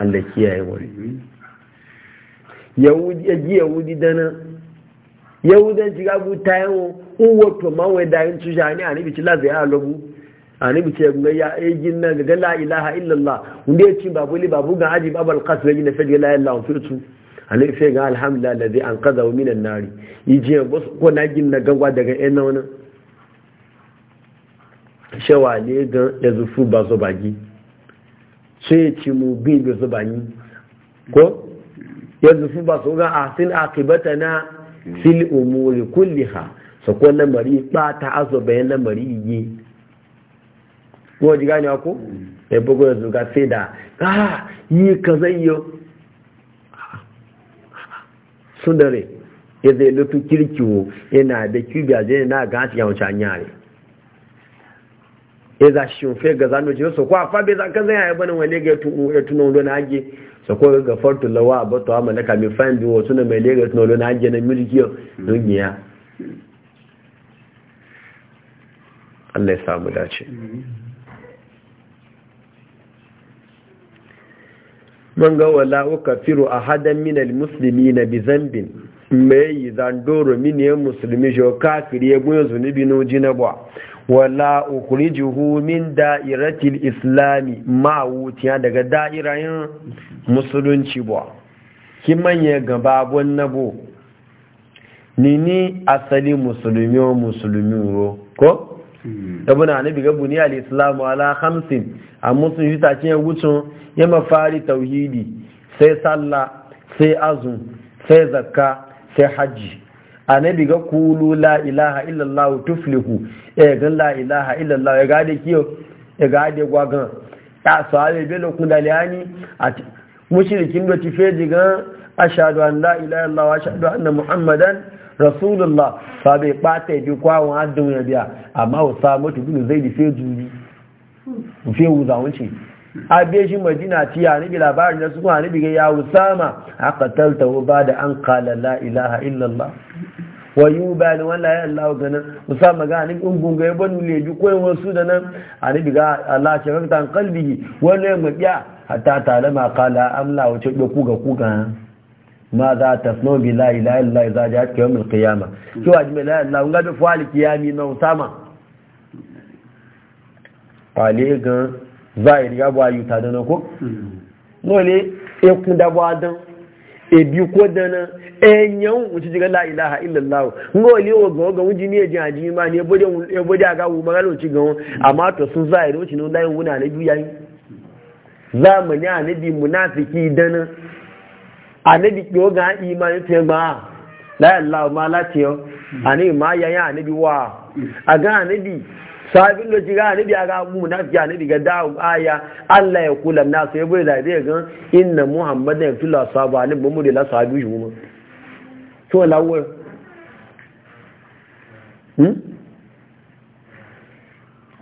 Allah kiyaye wuri yahudi ya ji yahudi dana yahudanci shiga buta yawon uwato ma wai dayin tuja ne a nabi cila a lagu a nabi ya ga ya yi nan ga la ilaha illallah wanda ya ci babu ne babu ga aji babal ya yi na fadi la ilaha firtu a nabi sai ga alhamdulillah kaza wa minan nari yiji ko na gin na gangwa daga ina wannan shawa ne ga ya zufu ba zo su sai ci mu bi da zubani ko ya zufu ba so ga akibata na fil umuri ha sakon lamari ta azo bayan lamari yi ko gani ako ya mm. bugu da zuga sai da ah yi ka zai yi su dare ya zai lutu kirkiwo yana da kibiya zai na gasi yawon yare ya za shi fe ga zanu jiyo so a fabe za ka zai ayi bane ga ya tuno don na so ko ga fartun lawa ba to ma na mi fandi wo suna mai lega tuno na haje na milkiyo mm. don Allah ya samu dace man ga firu a hadan minal musulmi na zambin mai zandoro mini ya musulmi jo kafiri ya goyo zunubi no jinabwa wala ukhrijuhu min da'iratil islami ma wutiya daga da'irayin musulunci ba, ki manye gaba bon nabo nini asali musulmi wa musulmi ro ko tabuna hmm. nabi ga buniya al-islamu ala khamsin amma sun yi tace wucin ya mafari tauhidi sai sallah sai azum sai zakka sai haji annabi ga kulu la ilaha illallah tuflihu ya e ga la ilaha illallah ya gade kiyo ya gade gwagan ya sahabe belo kun daliyani mushrikin da ci feji ga ashhadu an la ilaha illallah wa ashhadu na muhammadan rasulullah sabe bata bi kwawon addun biya. amma usama tubinu zai di sai juri fi wuza wuce abe shi madina ci ya nabi labarin da suka nabi ga ya usama aka talta ba da an qala la ilaha illallah wa yuba ni wala ya allah ganan usama ga ni gunga ya banu le bi koyin wasu da nan anabi ga allah shakkan qalbihi wala ya mabiya hatta talama qala amla wace ku ga ku ga ma za ta sno bi la ilaha illa za ja ta yawmul qiyama to a jima la ilaha ga da fali kiyami na usama pale gan zahiri ya ba yuta da ko no le e kun da ba dan e bi ko dana e nyan wuce diga la ilaha illa allah ngo le o go ga wuji ne jin aji ma ne bode e bode ga wu wuce ci gan amma to sun zahiri wuci no layin wuna na biyayi zamani annabi munafiki dana anabi gan ga imani te ba la Allah ma la te ani ma ya ya anabi wa aga anabi sabin da jiga anabi aga mu na ji anabi ga da aya Allah ya kula na sai bai da zai ga inna muhammadan yaqtulu sahaba ne mu da sahabi ju mu to lawo hmm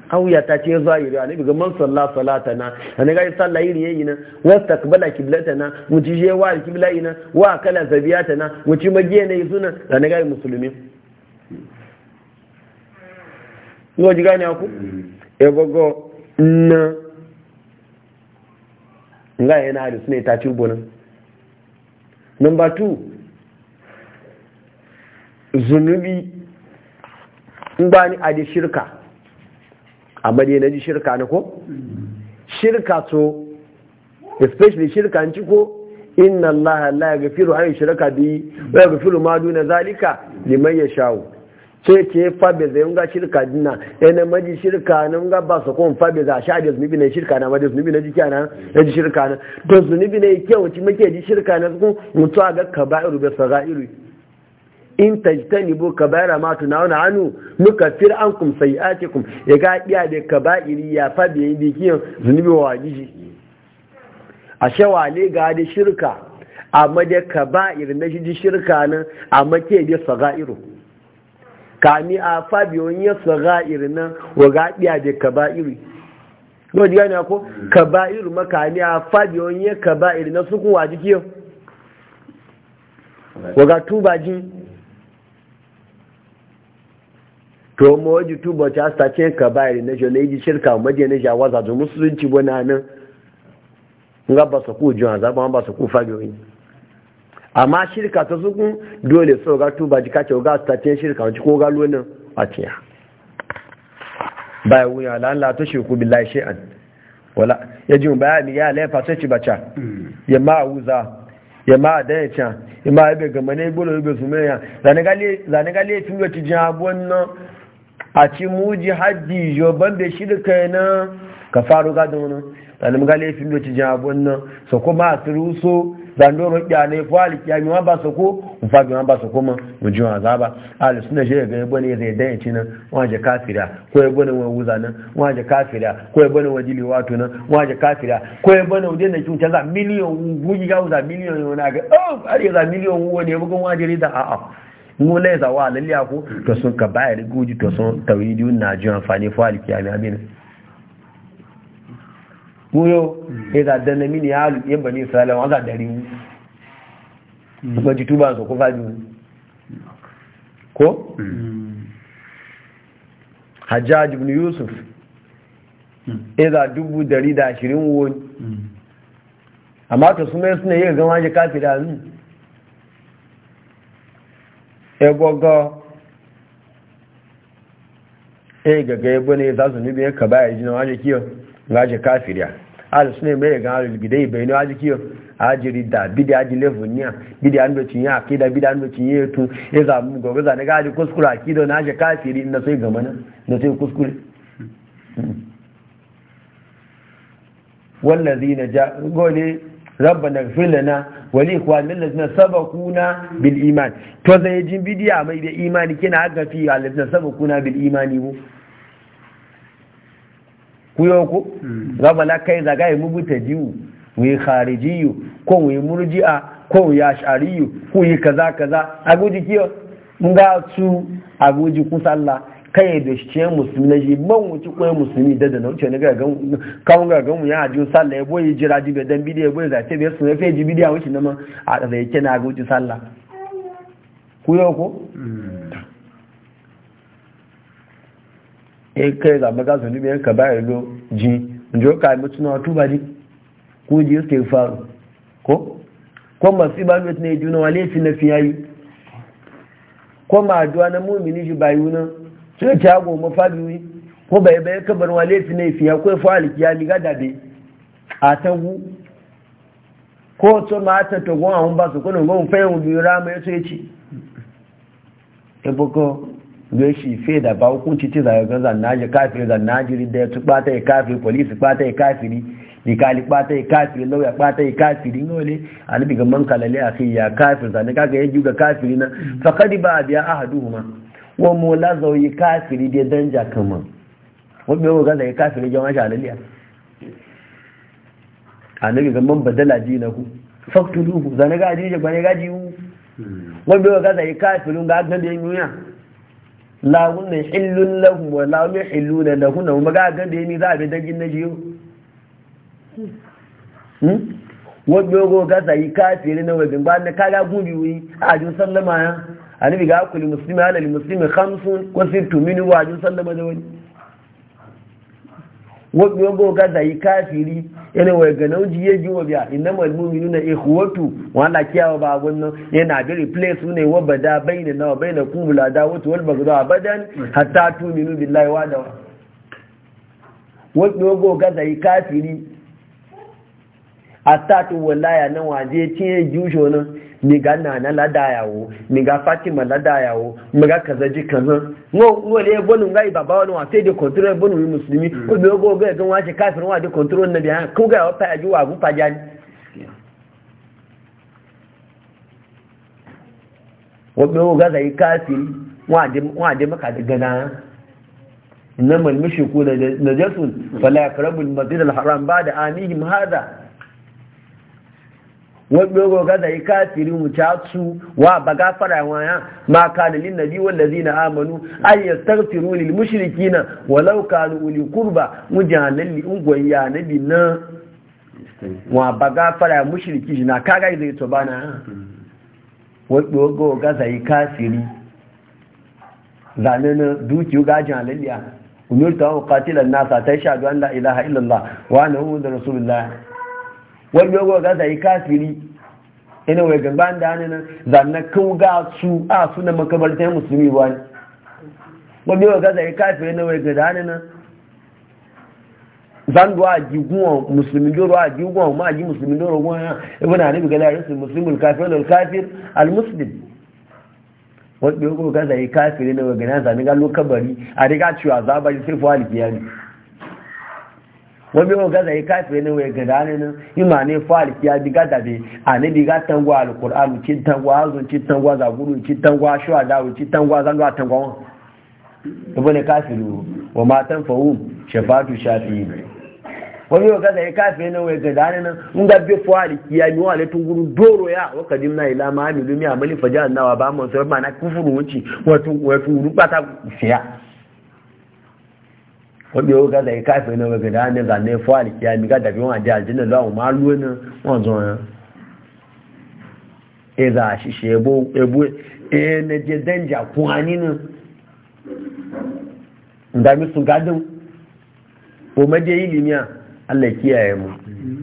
kauya ta ce zahiri annabi ga man salla salata na annabi ga salla yiri yayi na wa takbala kiblata na mu ci je wa kibla ina wa kala zabiyata na mu ci magiye ne suna na ga musulmi ngo ji gane aku e gogo na nga yana da sune ta ci bonan number 2 zunubi in ba ni a da shirka amma dai na ji shirka na ko shirka so especially shirka in ciko inna Allah la yaghfiru an shirka bi wa yaghfiru ma duna zalika liman yashau sai ce fa be zai nga shirka dinna eh, ene maji shirka na, nga ba su kon fa be za sha da zunubi ne shirka na ma zunubi ne ji kana na ji shirka na to zunubi ne yake wuce muke ji shirka na ku? mutu a ga kaba'iru da sagairu in tajtanibu kabaira ma tunawna anu nukaffir ankum sayi'atikum ya ga iya da kaba'iri ya fa da yin dikiyan zunubi wa gishi a ne ga da shirka amma da kaba'ir na shi shirka nan amma ke da saga'iru kami a fa da yin saga'ir nan wa ga iya da kaba'iri Lord yana ko kaba'iru makani a fa da yin kaba'ir na sukun wa dikiyan wa ga tubaji to mu waje tuba ta sta ce ka bayar na jona yi shirka maje na jawa za musulunci bona nan nga ba su ku jona za ba su ku fago yi amma shirka ta su kun dole so ga tuba ji kace ga sta ce shirka wani ko ga lonan a tiya bai wuya la Allah to shi ku billahi shay'an wala yaji bayani ya la fa sai bacha ya ma'uza ya ma da ya can ya ma ibe ga mane gbolo ibe su meya zane ga le fi wata jin abuwan nan a ci muji hajji shi da kai na ka faru gada wani ɗanin gale fi lokaci jabon nan so kuma a turuso zando roƙiya ne fa mi ma ba su ko mu fa ma ba su ko ma mu ji wa zaba ala suna shi ga yabo ne zai dan yaci nan waje kafira ko yabo ne wa wuza nan waje kafira ko yabo ne wa jili wato nan waje kafira ko yabo ne wajen da cuta canza miliyan gugi ga wuza miliyan yau na ga oh har miliyan za ne bugun wajen da a'a mu lai zawa lalle ko to sun ka bayar guji to sun tawhidiyun na ji amfani fa alkiyami amin goyo e ga danna mini halu yan bani salama aga dari ba ji tuba so ko faji ko hajjaj ibn yusuf e ga dubu dari da ashirin won amma ta su mai suna yi ga kafi da ne egwogo egege gaga ebe ne za su nibe ya baya Kio waje kiyo waje kafiriya ala suna mai ga ala gida ibe ne waje kiyo ajiri da bidi aji levonia bidi an bacin ya akida bidi an bacin ya tu ya za mu gobe za ne ga aji kuskure akida na aje kafiri na sai gama na na sai kuskure wallazina ja gole rabbana ighfir lana wa li ikhwanina allazina sabaquna bil iman to zai jin bidiya mai da imani kina ga fi allazina sabaquna bil imani bu kuyo ko rabbala kai zaga yi mubuta diu wi kharijiyu ko wi murji'a ko wi ash'ariyu ko yi kaza kaza aguji kiyo mun ga su aguji ku sallah kai da shi ce musulmi na shi ban wuce kuma musulmi da da nauce ne kawon gagan ya ajiyo sallah ya boye jira jibe don bidiyo boye zafi bai su ya fi ji bidiyo wuce na ma a da yake na ga wuce sallah ku yau ko eh, ya kai zaɓa ga su biyar ka bayar lo ji ji ka mu tuna tuba di ku ji faru ko ko na yi tuna wale fi na fiyayi ko ma addu'a na mummini shi bayuna sai ta hago mafabi ko bai bai kabar wale fi ne ya ko fa ya mi gada be a tagu ko to ma ta to gon an ba su ko gon fa yun bi rama yaso yace e boko ga shi fe da ba ku ci ti da ga zan naje kafiri zan najiri da tu bata e kafiri police bata e kafiri dikali bata e kafiri lawyer bata e kafiri ngole alibi ga man kalale akhi ya kafir zan ga ga yuga kafiri na faqad ba a biya ma. wa mola zauyi kafiri dai danja kama wanda yau gaza ya kafiri jama'a shalaliya a nage gaman badala ji na ku faktuluhu zane gaji ne bane gaji hu wanda yau gaza ya kafirin ga agan da ya miya lahun wa na ga za dangin na jiyo gaza gubi annabi ga akuli muslimi ala lil muslimi khamsun wa sittu min wa ajin sallama da wani wani yau ga da yi kafiri yana wai ga nauji ya ji wa biya inna malmuminu na ikhwatu wala kiyawa ba wannan yana bi replace ne wa bada baina na baina kumula da wato wal bagda abadan hatta minu billahi wa da wani yau ga da yi kafiri hatta tu wallahi nan waje tiye jusho nan ni ga nana ladayawo ni ga fatima ladayawo mi ga kaza ji kaza kazan ngo le bonu ngai baba wani wa sai de control bonu yi muslimi mm. ko be go ga wa wace kafir wa de control na biya ko ga fa ji wa gu fajani wo be go ga sai kafir wa de wa de maka de gana innamal da najasun fala yaqrabu al-masjid al-haram ba'da amihim hadha wanda gada yi kafiri mu su wa ba gafara waya ma kana lin nabi wal ladina amanu ay yastaghfiru lil mushrikina walau kanu uli qurba mujahalli gbọ̀n ya nabi na wa ba gafara mushriki na kaga zai to bana wanda go gada yi kafiri zanana dukiyu gajin halalliya umirtu an qatila an-nasa ta shahadu an la ilaha illallah wa anna muhammadar rasulullah wani yogo ga zai kafiri ina wai gaban da hannun na kan ga su a suna makabartar musulmi ba ne wani yogo ga zai kafiri ina wai da hannun zanduwa a jiguwa musulmi doro a jiguwa ma a ji musulmi doro gwa ya ibi na nabi gala rinsu musulmi kafin da kafir al-muslim wani yogo ga zai kafiri ina wai hannun zanna ga lokabari a riga cewa zabari sai fuwa alkiyami wọ́n bí wọ́n gaza yìí káfíìn ní wọ́n gẹ̀dá nínú ìmọ̀ ní fáàlì kí a bí gàdà bí àníbi ká tango alukùránù tí tango azùn tí tango azàgúrù tí tango aṣọ àdáwò tí tango azánú àtango wọn. ìbọn ní káfíìn lò wọ́n máa tán fọwọ́ ṣẹ̀fàtù ṣàfihàn. wọ́n bí wọ́n gaza yìí káfíìn ní wọ́n gẹ̀dá nínú ń gà bí fáàlì wọ́n bí owó kẹta ìka ìfẹ́ náà wẹ̀gẹ̀ dáa ní ìlànà ẹ̀fọ́ àlìkí àmì ká dàbí wọn àdé àjẹ́nà lọ́wọ́ máa lú ẹ̀nà wọ́n zọ ẹ̀ ẹ̀dà àṣìṣe ẹ̀bú ẹ̀ẹ́nẹ̀jẹ̀ dẹ́njà kún á nínú ìdàmí gádùn òmọdé ìlú mi à alẹ́kí ẹ̀ mọ́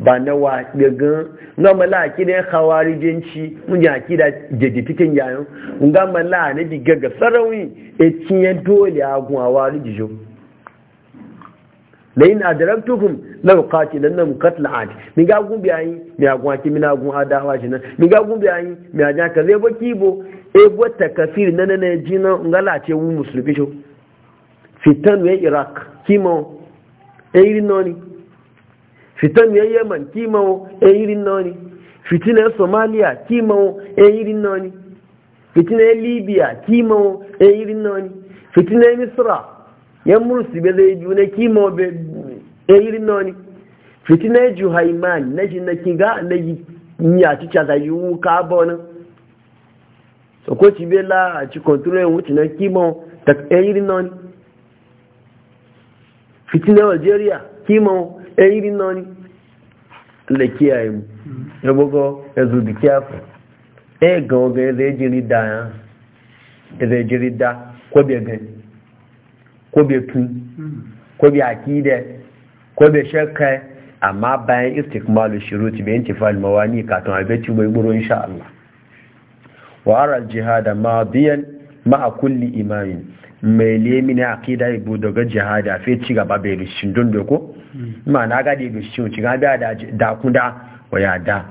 ba na wa gagan nga mala kidan khawarijanci mun ya kida jeje titin yayin nga mala ne diga ga sarawi e tiyan dole da lain adraktukum nan qatilanna qatl ad mi ga gumbi ayi mi ga gwaki mi na gun adawa shi nan mi ga gumbi ayi mi aja ka zai baki bo e bo takafir nan nan ji ngala ce wu musulmi sho fitan we iraq kimo e irin noni fitan we yemen kimo e irin noni fitina somalia kimo e irin noni fitina libya kimo e irin noni fitina misra yan mursu be zai ju na kima be eyiri noni fitina ju haiman na ji na kiga na yi ya ci ta da yu ka bonin so ko ci be la a ci control e wuce na kima ta eyiri noni fitina algeria kima eyiri noni le kiyaye mu yabogo ezu bi kiyafu e gan oge eze ejiri da ya eze ejiri da ko be gan ko bai tun ko bai akida ko bai shakka amma bayan istikmalu shuruti bai intifal mawani katon abeti mai guro insha Allah wa ara jihada ma biyan ma a kulli imamin mai lemi na akida ibu daga jihada fi ci gaba bai rishin don doko hmm. ma na gadi rishin ci gaba da dakunda wa yada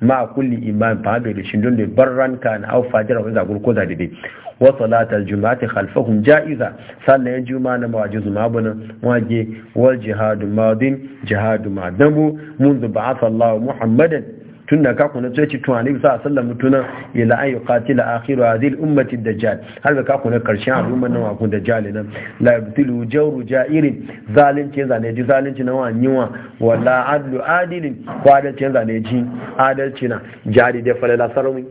ma kulli imam fa da shi don da barran kana aw fajira wanda gurko da dide wa salatal jumu'ati khalfahum ja'iza sallan juma'a na mawajizu mabun waje wal jihadu madin jihadu madamu منذ بعث الله محمدا tun da kaku na tsoci tun alaihi sa sallam mutuna ila an yuqatila akhiru hadhihi ummati jihar har da kakuna na karshen al'ummar nan wakun jihar nan la jauru ja'irin zalunci zane ji zalunci na yiwa wa adlu adilin ko adalci zane ji adalci na jari da falala sarumi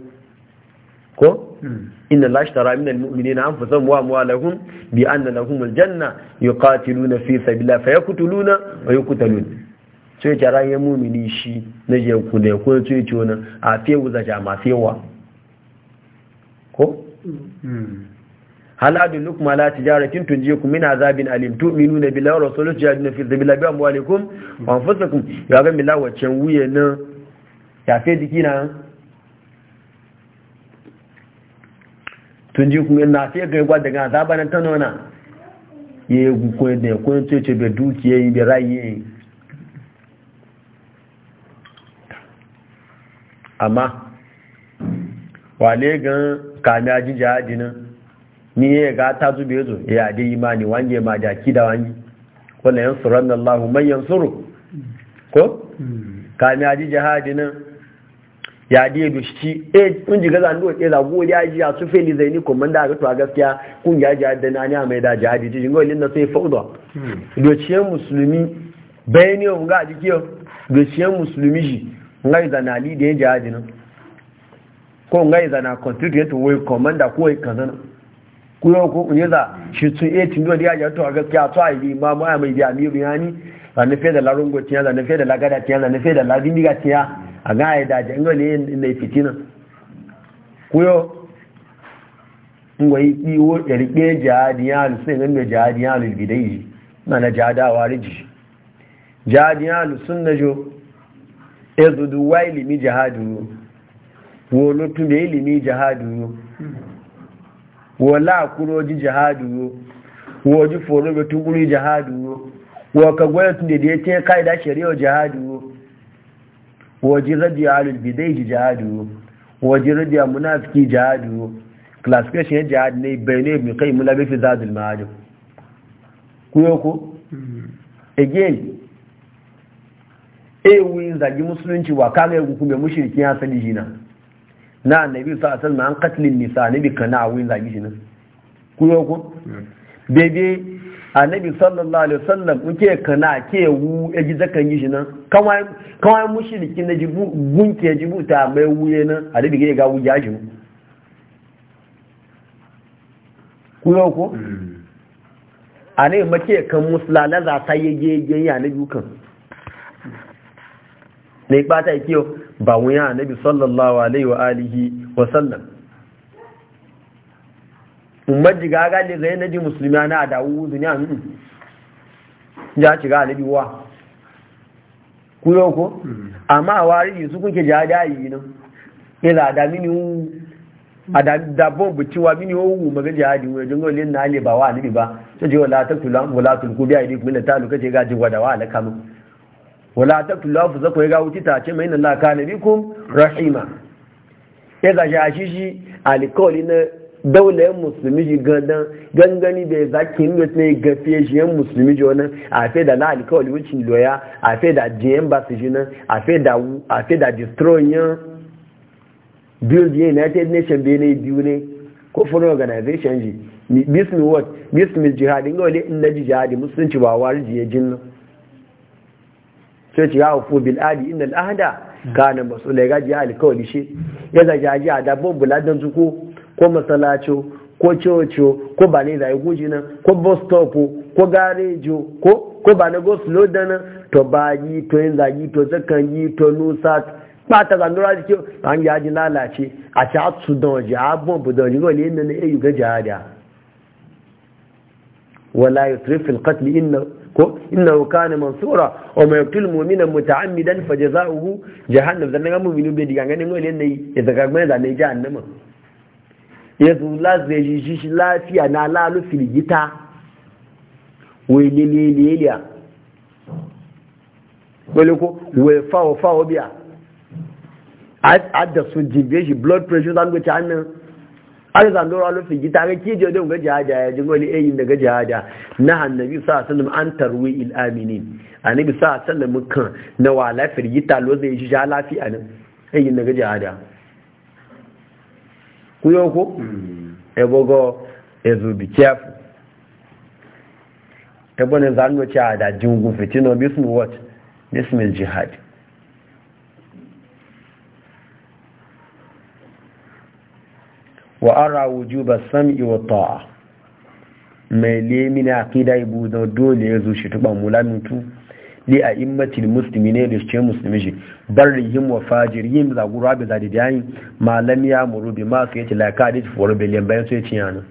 ko hmm. inna la ashtara min almu'minina anfusahum wa amwalahum bi anna lahum aljanna yuqatiluna fi sabilillah fayaqtuluna wa yuqtaluna sai jara ya mumini shi na yanku da ya kuna ya ce wani a fewu za ma fewa ko? haladu lukma la tunje ku min zabin alim na billahi rasulun rasulihi jihadun fi sabilillahi wa amwalikum wa anfusikum ya ga mila wacan wuye na ya fe jiki na tunje ku mina fe ga gwa daga azaban tanona ye gu ko da ko tuyi ce be dukiye be rayi amma wale gan kami ajin jihadi nan ni ya ga ta zube zo ya dai imani wange ma jaki da wangi wala yansuranna Allahu man yansuru ko kami ajin jihadi nan ya dai dushi eh kun ji gaza ndo eh da godiya ji a su feli zaini ko man da ga to a gaskiya kun ya jihadi na ne mai da jihadi ji ngo linna sai fauda hmm. dociyan musulmi bayani on ga dikiyo dociyan musulmi ji ngai zana lidiyar jihadi nan ko ngai zana constituent wai commander ko kaza nan ku yau ko ne za shi tun e tun dole ya ja to gaskiya to ai bi ma mai mai da mi bayani zan fe da larungo tiya zan fe da lagada tiya zan fe da ladini ga tiya a ga ai da jango ne ne fitina ku yau ngwai iwo yarike jihadi ya sai nan mai jihadi ya yi na na jihadawa riji jihadi ya sun na jo ezudu wa ilimi jihadu wo lo tun be ilimi jihadu wo la kuro ji jihadu wo ji foro be tun kuri jihadu wo ka gwe tun de de te kaida shari'a jihadu wo ji radi alul bidai jihadu wo ji radi munafiki jihadu classification jihad ne bayne ibn qayyim la bi fi zadul ma'ad ku yoko hmm. again ewin zagi musulunci wa kaga ya hukume mushrikin ya sani jina na annabi sa asal ma an katlin nisa ne bi kana awin zagi jina ku yo ko bebe annabi sallallahu alaihi wasallam muke kana ke wu ya ji zakan yi jina kawai kawai mushrikin na jibu gunke jibu ta mai wuye na a dabi ga wu ya jibu ku yo ko ane make kan musulala za ta yi yege ya na dukan na yi kiyo ikiyo ba wuya annabi sallallahu alaihi wa alihi wa sallam umar jiga gali zai na ji musulmi na adawu duniya nunu ya shiga annabi wa ku yau ko amma a wari su kuke jihada yi nan ila da mini wu adami dabon bucewa mini wu maga ji wu jin jingon lina ale ba wa annabi ba ta je wa ta kula wala tulku bi aidi kuma ta lokaci ga jigwa da wa alaka mu wala taqtulu anfusakum ya wuti ta ce mai inna allaha kana bikum rahima ya ga shi shi alkawli na daular musulmi ji gandan gangani da zaki inda ne gafiye shi yan musulmi ji wannan a fe da na alkawli wucin loya a fe da jiyan ba su shi nan a fe da a fe da destroy yan build united nation bene biyu ne ko foreign organization ji bismi what bismi jihad inga wale inda ji jihadi musulunci ba warji ya jinnan sai ce ya hufu bil adi inna al'ada? ahda kana masula ga ji al shi ya da jaji a da bon buladan ko masalacho ko cewacewa ko ba ne zai guji nan ko bus stop ko garejo ko ba na gosu loda nan to ba yi to yin zagi to zakan yi to nusa pata zandura ji ba an yaji lalace a ci a su don ji a bon bu don ji go ne nan yi ga jihada wala yutrifil katli inna ko innahu kana mansura wa may yaqtul mu'mina muta'ammidan fajaza'uhu jahannam dan ga mu'minu be diga ngani ngole ne ya daga mai da ne jahannama Ya la zeji shi lafiya na lalu filgita wai lele leliya wale ko wai fawo fawo biya da su jibbe shi blood pressure zan go ta arzan dora lufin gita ga kije da ga jihada ya ji wani ayin daga jihada na annabi sa sallam an tarwi il aminin annabi sa sallam kan na wala gita lo zai ji ja lafiya nan ayin daga jihada ku yo ko mm. e bogo e zo bi chef e bonen zanwo cha da jingu fitino bismi what bismi jihad wa ara wujuba sam'i wa ta'a mai lemi na da ibu da dole ya zo shi tuba mulamitu li a immatin muslimi ne da su ce musulmi shi yin wa yin zagura bi zadidiyayin malam ya muru bi ma su yace la fi for billion bayan su yace yana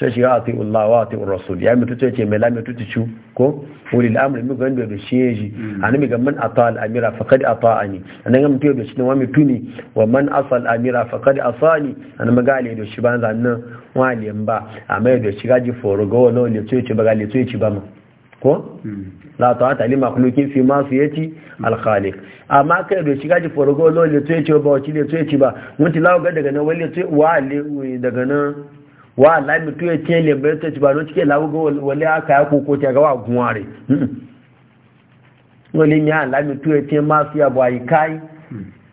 sai shi ati Allah wa ati Rasul ya mutu ce mai lami tuti ci ko ulil amri mi gande da shi ji mm. annabi ga man ata al amira faqad ata'ani annabi mutu da shi wa tuni wa man asal amira faqad asani an magale da shi ban zanna wa le ba amma da shi gaji foro go no le ce ce ba ga ce ce ba mu ko mm. la ta'ata li makhluqin fi siyati mm. al khaliq amma kai da shi gaji foro go no le ce ce ba ci le ce ce ba mun tilawo ga daga nan wali ce wa le daga nan wa Allah mutu ya ce le bai ta ci ba no cike lawo ga wale aka ya koko ta ga wa gunware wale hmm. ni Allah mutu ya ce ma su ya ba yi kai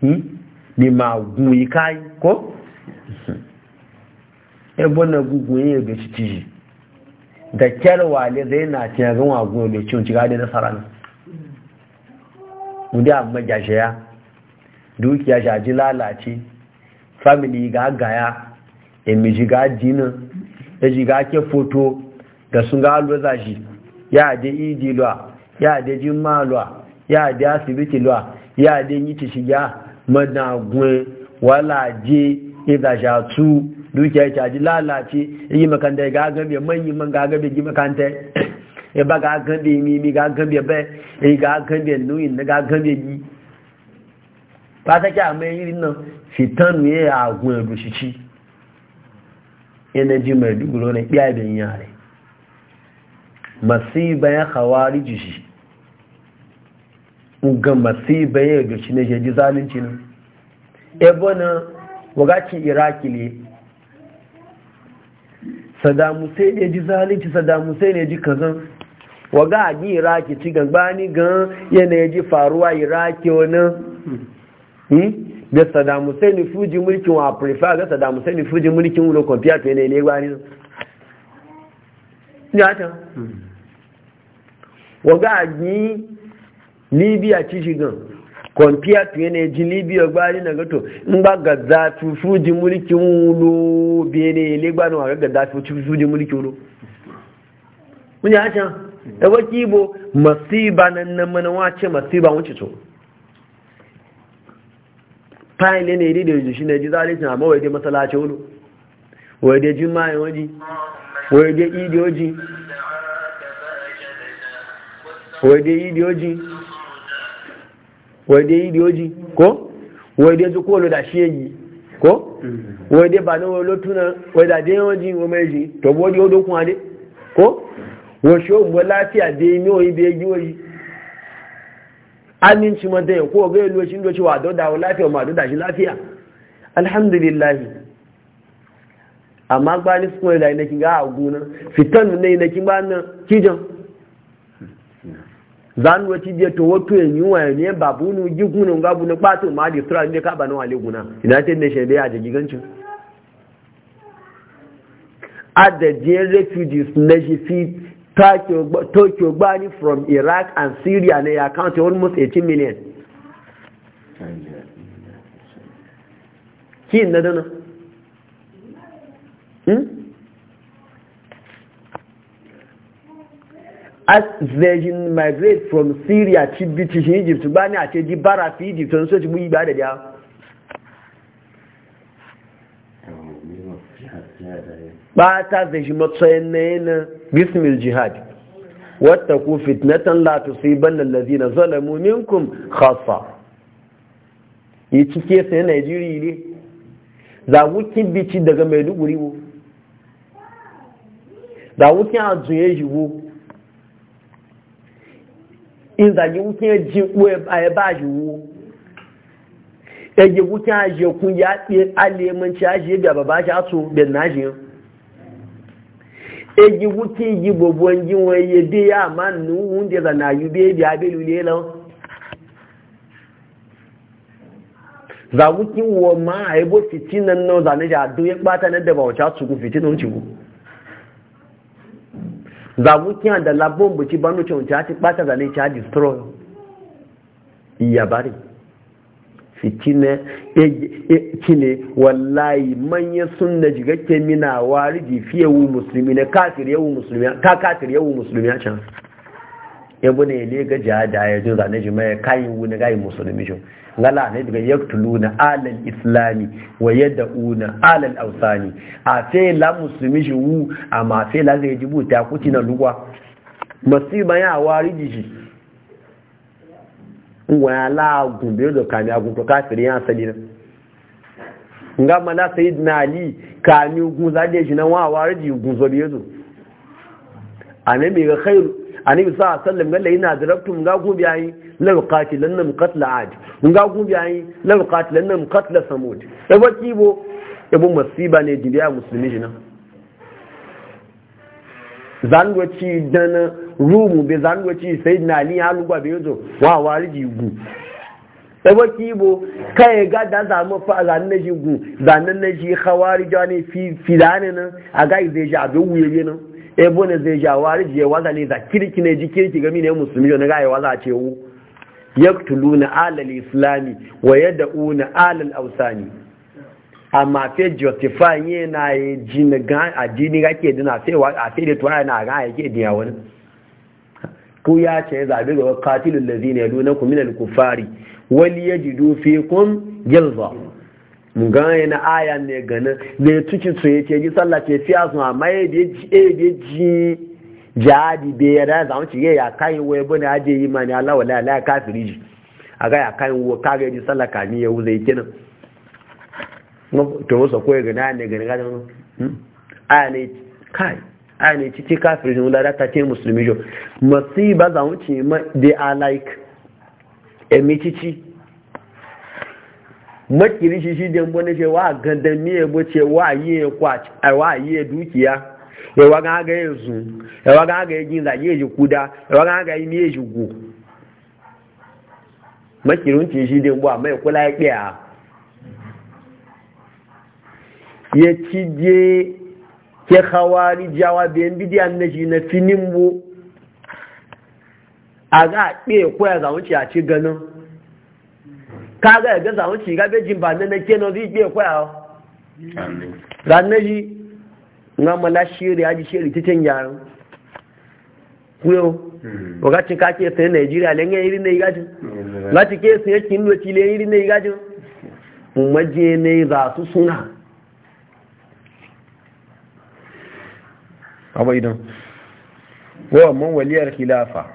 ni hmm. ma gun yi kai ko hmm. e bona gugun yi ga ci ci da kyar wale zai na ce ga wa gun le ci ci ga da nasara ne mu da amma jashiya dukiya shaji lalace family ga gaya emi jiga dina da e jiga ke foto da sun ga alwaza shi ya de idi e lwa ya de jimma lwa ya de asibiti lwa ya de yi ci shiga madagun walaje idajatu duke ya caji lalace yi makanta ya gagabe manyi man gagabe gi makanta ya e ba gagabe mimi gagabe bai ya gagabe nuyin na gagabe gi ba ta kya mai irin nan fitanu ya agun edo shi ci energy mai biya da yin yare masiba ya hawari jishi ga masiba ya gashi na jeji zalunci ne ebe na wagacin iraki ne sadamu sai ne ji zalunci sadamu sai ne ji kazan waga a ji iraki ci gangbani ni gan yana ji faruwa iraki wani hmm? da saddam hussein fuji mulkin wa prefer ga saddam hussein fuji mulkin wulo compared to ne ne gwani ya ta libya ci shigan ji libya gwani na gato in ba gaddafi fuji mulkin wulo bene ne gwani wa gaddafi fuji mulkin wulo mun ya ta masiba na nan wace masiba wuce fáìlì ní ìdíde òjòṣì ní ẹjí záàlì tìǹà mọ́ wẹ̀dẹ̀ mọ́sálásí olú wẹ̀dẹ̀ jímáà ìwọ́jì wẹ̀dẹ̀ ìdí ojì wẹ̀dẹ̀ ìdí ojì wẹ̀dẹ̀ ìdí ojì kó wẹ̀dẹ̀ tó kó olódà sí èyí kó wẹ̀dẹ̀ bà ní olótúnà wẹ̀dà dé ojì wọ́n méjì tọ̀bọ́ dé ó dókun adé kó wẹ̀ṣọ́ òmùgbọ́ láti àdé inú ibi ẹjú oyi aminci madayin ko ga yalo shi doci wa dauda dawo lafiya ma da shi lafiya alhamdulillah amma ba ni yi da ki ga aguna fitan ne ki ba nan kijan zan wati je to wato yin yuwa ne babu nu giguna ga bu ne kwato ma di sura ne ka ba nan wale guna ina tin ne shede a da gigancin adadin refugees na shi fi tokyo gbani from iraq and syria na ya count almost 18 million kí n dandan náà hmm? as virgin migrate from syria ti british egypt gbani àti ẹjí bara fi egypt ọ̀nà sọ́tí mú ìgbà àdẹ̀dẹ̀ àwọn bata zai shi matsayin na yana bismil jihad wata ku fitnatan la tusibanna allazina zalamu minkum khasa yi cike sai Najeriya ne za wukin bici daga Maiduguri wo za wukin azuye shi wo in za yi wukin ji wo ya e e ba shi wo e ya wukin ajiye kun ya ɗe alemanci ajiye gaba ba shi aso da najiyar eji wuti ji gbogbo ji wọn ye de ya ma nu wunde za na yu bebi abelu le lọ za wuti wo ma a ebo fitinan nan za ne ja do ya pata na da ba wata su ku fitinan ci ku za wuki da labon bu ci banu ci wata ci pata za ne cha destroy iya bari fitina e, e, kine wallahi manya sun da jigakke mina wariji fiye wu musulmi na kafir yawu musulmi ka kafir yawu musulmi a can ya bune ne ga da ya jin zane ji mai kayin wu na gayin musulmi jo gala ne daga yaktulu na alal islami wa yadda una alal ausani a fe la musulmi shi wu a ma fe la zai jibuta kuti na lugwa masu bayan a wariji shi wọn aláàgùn bí ó lọ kàmí agùn tó káàkiri yán na nga mala sayid na ali kàmí ogun zade shi na wọn àwárí di ogun zọ bí ó lọ anabi ga khairu anabi sa sallam galla yana darabtum ga gobe ayi la qatilannam qatla ad yi gobe ayi la qatilannam qatla samud da e baki bo ibn e masiba ne dibiya musulmi jina zanwaci dana rumu bai zanwaci sai na ni ya lugba bai yanzu wa wari jigu ɗaba kibo kai e ga da zamu fa zanen na jigu zanen na ji jawa ne fi filane nan a ga zai ja abin wuyoyi nan e ne zai ja wari jiye waza ne e za kirki ne ji kirki ga ne musulmi na ga ya waza ce wu yaktuluna alal islami wa na alal ausani amma fe justify ne na yi jini gan addini kake dina sai wa a sai da tuwa na ga yake diya wani ku ya ce zabe ga qatilul ladina yalunakum minal kufari wal yajidu fikum jilza mun ga yana aya ne ganin ne tuci so yace ji sallah ce fiya sun amma ya bi ji jadi be ya da zamu ci ya kai wai bane aje yi mani Allah wala la kafiri ji aga ya kai wo kage ji sallah kami ya wuze kenan to wasa koya gana ne gani hmm? aya wani kai aya ne ciki kafin jin wula ta ce musulmi jo masu ba za mu ce ma de are like emi cici makiri shi shi da mbone ce wa gandan ne yabo ce wa yi ya kwaci a wa yi ya dukiya ya e wa ga ga ya zu ya e wa ga ga ya gina yi ji kuda ya e wa ga ga ya ji gu makirin ce shi da mbuwa ya kula ya kiya ya cije ke hawari jawa bayan bidiyan na shi na finin bu a ga a ɓe koya zaunci a ci ganin ka ga ya ga zaunci ga bejin ba na na kenan zai ɓe koya ranar shi na mala shiri ya hmm. ji shiri titin can kuyo wakacin ka ke sayi nigeria lenyan iri na igajin lati ke sayi kinu da chile iri na igajin mu majiye ne za su suna abaidan wa man waliyar khilafa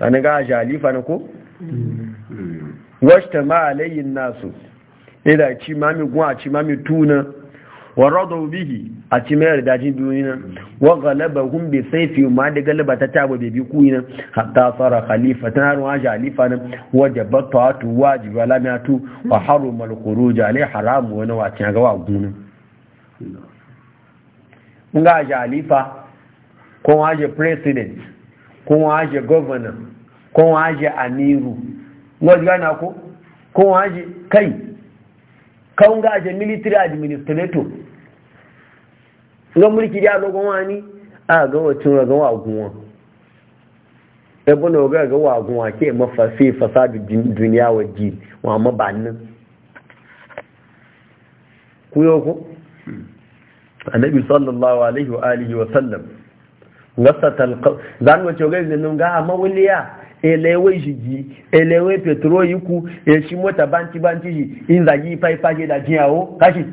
an ga jalifa ne ko mm. washta ma alayhi nasu ila ci mami gwa ci mami tuna wa radu bihi a ci mai dajin duniya wa ghalabahum bi sayfi ma da galaba ta tabo bi kuina hatta sara khalifa ta ruwa jalifa ne wajabatu atu wajibi tu, wa haruma khuruj alai haram wa na wa ga wa gunu mm. nga aje alifa ko waje president ko waje governor ko waje aje amiru ngoji gana ko ko wa kai ka nga military administrator nga mulki dia logo wani a ga wacin ga wagun wa ebo na ga ga wagun wa ke mafasi fasadu duniya waji wa mabannin ku yo ko hmm. annabi sallallahu alaihi wa alihi wa sallam wasatal zan wa ce ga izinin ga amma wuliya elewe jiji elewe petro yiku e shi mota banti banti ji in zagi pai pai da jiawo kashi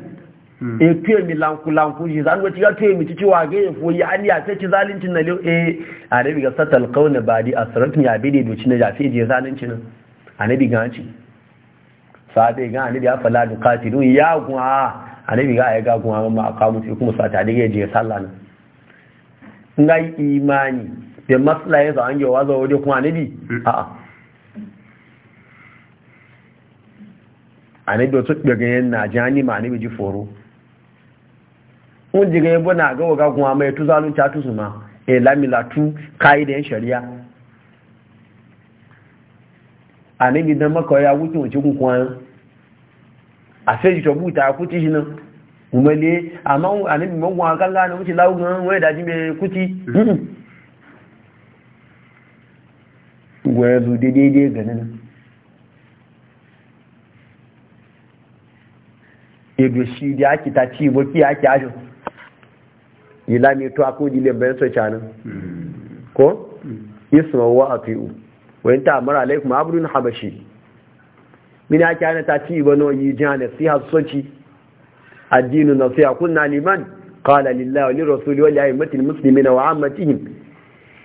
hmm. e tuye mi lanku lanku ji zan wa ce ga tuye mi cici wage fo ya ali a tace zalincin na le e annabi ga satal qawna badi asratun ya bidi doci na jafi je zalincin nan annabi ga ci sa dai ga annabi ya fala du duqatilu ya gun a annabi ga ya ga kuma ma akamu sai kuma sa tare ya je sallah nan ngai imani da maslaye za an yawa za waje kuma annabi a'a annabi to ga yan na ma annabi ji foro mun jiga yabo na ga waga kuma mai tu zalun ta tusu ma e lamila tu kai da shari'a annabi da makoya wuce wuce kun kuma a sai ji to buta kuti shi nan umele amma anin mun wa kan ti lawo lawun wai da me kuti de zu daidai ganin ebe shi da ake ta ci boki ake ajo ila mai to di le bayan so canin ko isma wa atiu wa anta amara alaikum abrun habashi mina kana ta ci bano yi jana siha soci Addini addinu nasiha kunna liman qala lillahi wa lirrasuli wa li aimmatil muslimina wa ammatihim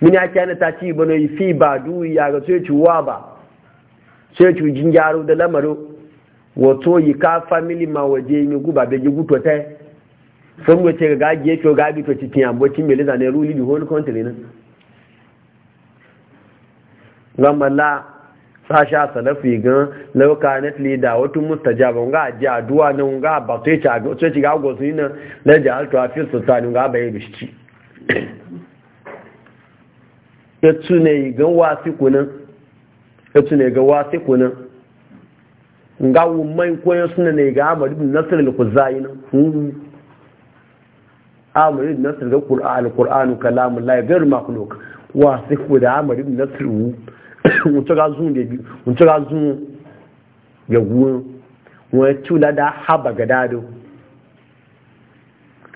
min ya kana ta ci bano fi ba du ya ga sai ci wa ba sai ci da lamaro wato yi ka ma waje mi guba be guto ta sun wace ga gaje to gabi to cikin ambocin meliza ne ruli the whole country sasha salafi gan lauka na tili da wata mustajaba nga aji aduwa na nga ba to yace ce yace ga gosu yi na da alto afi sultan nga ba yi bishi ya tune gan wasi kunan ya ga wasi kunan nga wu mai koyo suna ne ga amadu bin Nasr da khuzai yi na Amadu bin Nasiru da kur'anu quran kalamullahi ghayr makhluq wasi kuda da bin ibn Nasr mutura zun ya guwa wani tula da haba ga dado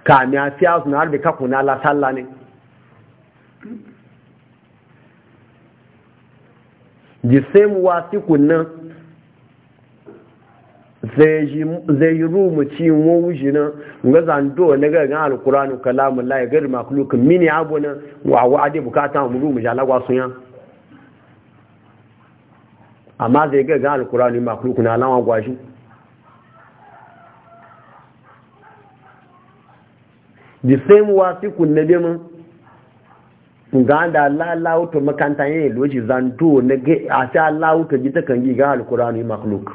ka mi a fiya suna harbe kakuna la salla ne the same wasi kuna zai yi rumu ci wo wuji na ga zando na ga ga alkuranu kalamun la ya gari makulukin mini abu na wa wa ade bukata mu rumu jalagwa sun amma zai ga gan alkurani makulku na alawa gwashi the same wasiku na bema ga da lalawo to makanta yin loji zanto na a sha lawo ji ta kan gi ga alkurani makuluk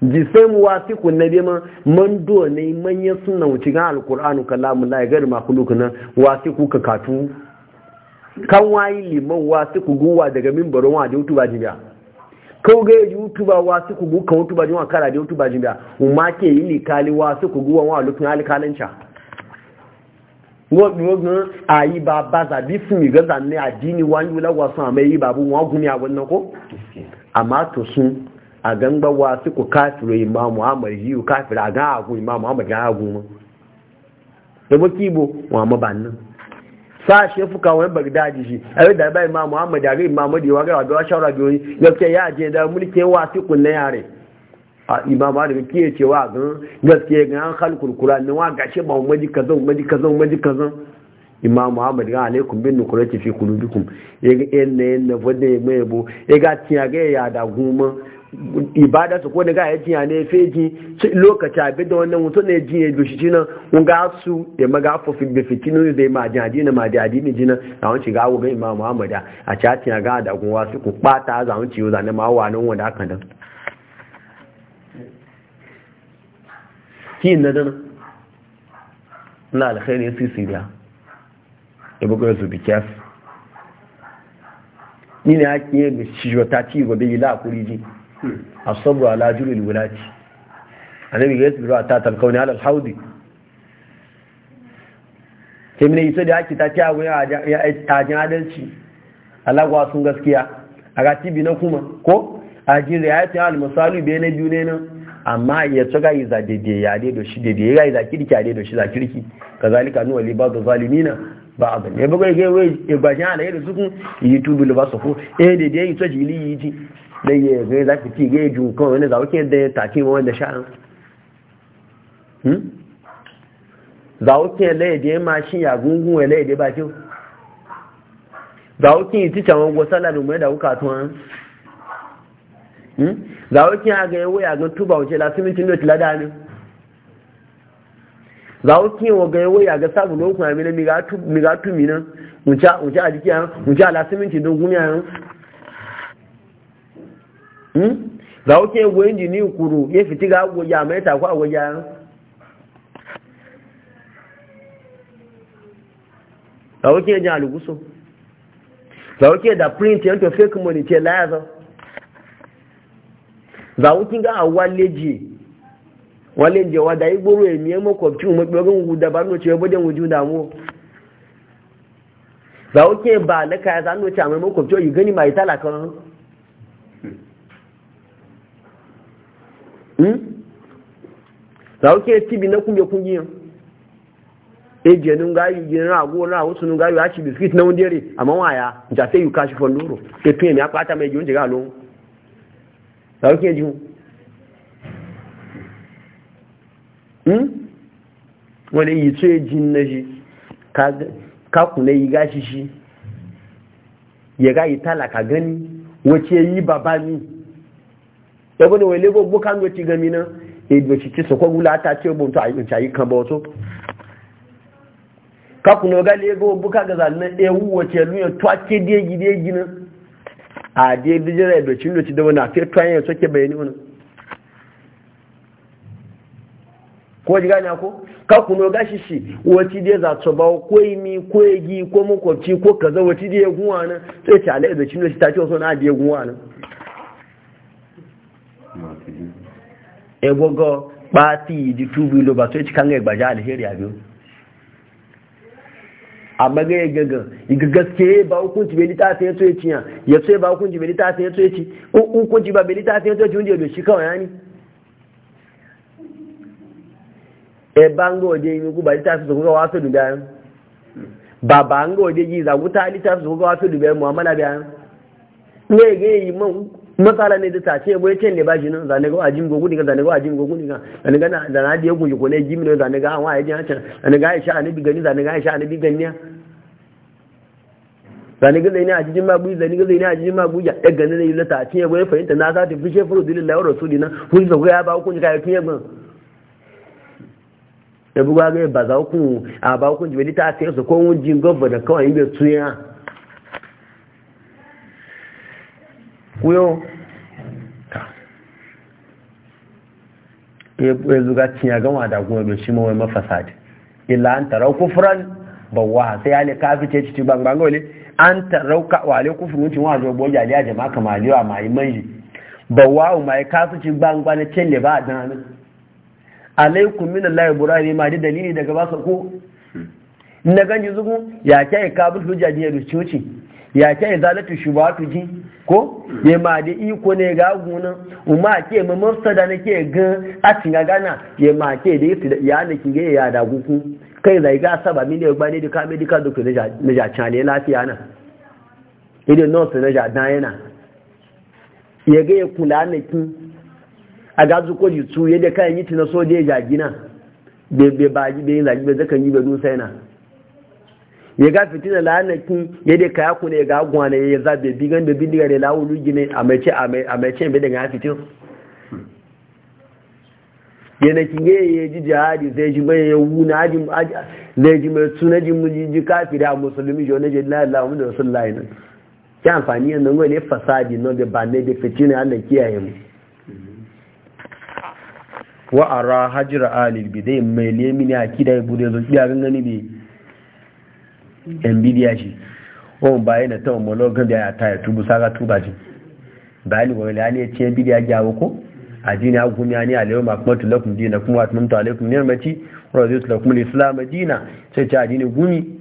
the same wasiku na bema man do ne manyan suna wuce ga alkurani kalamu la ga gari makuluk na wasiku ka katu kan wayi liman wasu kuguwa daga mimbarin wa da utuba jibiya kau ga yaji utuba wasu kugu kan utuba jiwa kara da utuba jibiya umma ke yi likali wasu kuguwa wa lufin alikalanca wọ́n àyíbá báza bí fún ìgọ́ta a àdíní wáyú láwọ́sán àmẹ́ yíbá bú wọ́n gún ní àwọn náà àmá tó sún àgángbawa sí kò káfìrò ìmá muhammad yíò káfìrò àgán àgún ìmá muhammad gáàgún wọn ẹgbẹ́ kí ìbò wọn àmọ́ bá sashe fuka wani bagdaji shi a yau da bai ma muhammad ya rai mamu da yawa gawa da shawara biyoyi gaskiya ya je da mulki wa fi kunna yare a imama daga kiyaye wa gan gaskiya ga an halkul kura ne wa gashi ba maji kazan maji kazan maji kazan imam muhammad ga alaikum bin nukurati fi kulubikum ya ga yan na yan na wadda ya mai bo ya ga tiya ya da goma ibada su ko ne ga ya jiya ne feji ci lokaci abi da wannan mutum ne jiya da shi na mun ga su da maga fofi be fitinu da ma jadi na ma jadi ni jina a wancin ga go ga imam muhammad a chatin ga da gun wasu ku bata za mun ciyo zane ma wa nan wanda aka dan kin na dan na alkhairi sisi da ibo ko su bi kyas ni ne a ake da shi jota ci gobe ila kuri ji الصبر على جل wulati النبي ya tsira تاتا talkauni على الحوض kemine يسد da ake ta kiyawo ya tajin adalci alagwa sun gaskiya a ga tibi na kuma ko a jiri yi na amma ya ci ga iza daidai ya daido shi ya iza kirki a daido shi za kirki ka zalika nuwa liba da zalimina ba a bugu ya bugai ya gbashin ala yadda sukun yi tubu libasa ko eh daidai ya yi ta jili yi ji dan ya ga za ki ci ga ya jun kawai wani zawo ke da ya take ma wanda sha'an hmm? zawo ke da ya mashin ya gungun ya laye da ba kyau zawo ke yi tica wani gwasala da mai da wuka tuwan hmm? zawo ke ya ga ya ga tuba wuce la simintin da tila da ne zawo ke wa ga ya ga sabu lokuna mina mi ga tumi nan wuce a jiki yan wuce a la simintin don Hmm? za oke egwu kwuru ya fiti ga ya za oke eji alugwuso za oke da print yanto fake money e za ga igboro emi emo ba noce e ya bude wuju damuwa za ba za oyi gani mai Hmm? za ku ke cibi na kunge kungiyan eje nun gayu jin rago na wasu nun gayu a ci biskit na wani dare amma waya ja sai yu kashi duro ke tuye mi akwata mai wunje ga lo za ku ji hun hmm? wani yi tsoye jin na shi kaku na yi gashi shi ya gayi talaka gani wace yi babani ya bane wai lebo buka ndo ci gami na e do ci so ko gula ta ce bon to ayi ayi kan ba to ka ku no ga lebo buka ga zan na ewu wuwa ce lu ya to ce de gi de gi e e na a de de jira do ci do ci da wana fe to ya so ke bayani wannan ko ji gane ko ka ku shishi gashi shi wati dai za ta bawo ko mi ko gi ko mu ko ci ko kaza wati dai guwa na sai ta alai da cin da ta ce so na dai guwa na egogo pati di tubu lo ba to ci kan ga gbaja alheri abiyo amma ya gaga ga gaske ba hukunci bai lita sai so ci ya ya sai ba hukunci bai lita sai so ci hukunci ba bai lita sai so ci wanda shi kawai yani e bango waje yi ku ba lita sai so ga wasu dubayan ba bango waje yi za wuta lita sai so ga wasu dubayan mu'amala bayan ne ga yi man matsala ne da ta ce bai ce ne ba shi nan zane ga ajin gogu ne ga zane ga ajin gogu ga zane ga da na je gogu ko ne gimi ne zane ga an waye jin zane ga aisha anabi gani zane ga aisha anabi gani zane ga zaini ajin ma bu zane ga zaini ajin ma bu ya da gani ne ta ce bai fahimta na za ta fishe furu na zo ya ba ku da buga ga ba za ku a ba ku ji ta ce su ko jin gobba da kawai kuyo ya ya zuga cinya gama da kuma bai shi mawai mafasadi illa an tarau kufuran bawa sai ya ne kafi ce citi ban ban an tarau ka wale kufurin wucin wa zo boja liya jama kamali wa mai manji bawa mai kafi ci ban ban ce le ba a nan alaikum min allahi burani ma di dalili daga ba su ko hmm. na ganji zugu ya kai kabul hujja ya da wuce? ya ke izalatu shubatu ji ko ya ma da iko ne ga gunan umma ke ma mafsada na ke ga a tinga gana ya ma ke da yisu da iyali ki ya da guku kai zai ga saba mi ne gbani da ka medical doctor na ja chale lafiya na idan nurse na ja dan yana ya ga ya kula na ki a ga zuko ji su yadda kan yi tina so da ya jagina be be ba ji be yin zagi be zakan yi be dusa yana ya ga fiti da lanakin ya da kaya ku ne ga gwana ya zabe bigan da bindiga da lawulu gine a mai ce a mai ce bai daga fitin yana kinge ya ji jihadi zai ji mai ya wuna ajin zai ji mai suna ji mu ji kafi da musulmi ji na jirgin lalata wani da wasu layin ya amfani yadda ngo ne fasadi na da ba ne da fitina Allah kiyaye mu wa ara hajra alil bidai mai lemini akida bude zo kiyaye gangani bi yan bidiya shi ba bayan da tawon malogan da ya taya tubu sara tuba ji ba wa wani hali ya ce yan bidiya gyawo ko a jini a gumi a ni a lewa makamatu tulakun dina kuma wata mamta alaikun ne mace razu tulakun lakum islam dina sai ce a jini gumi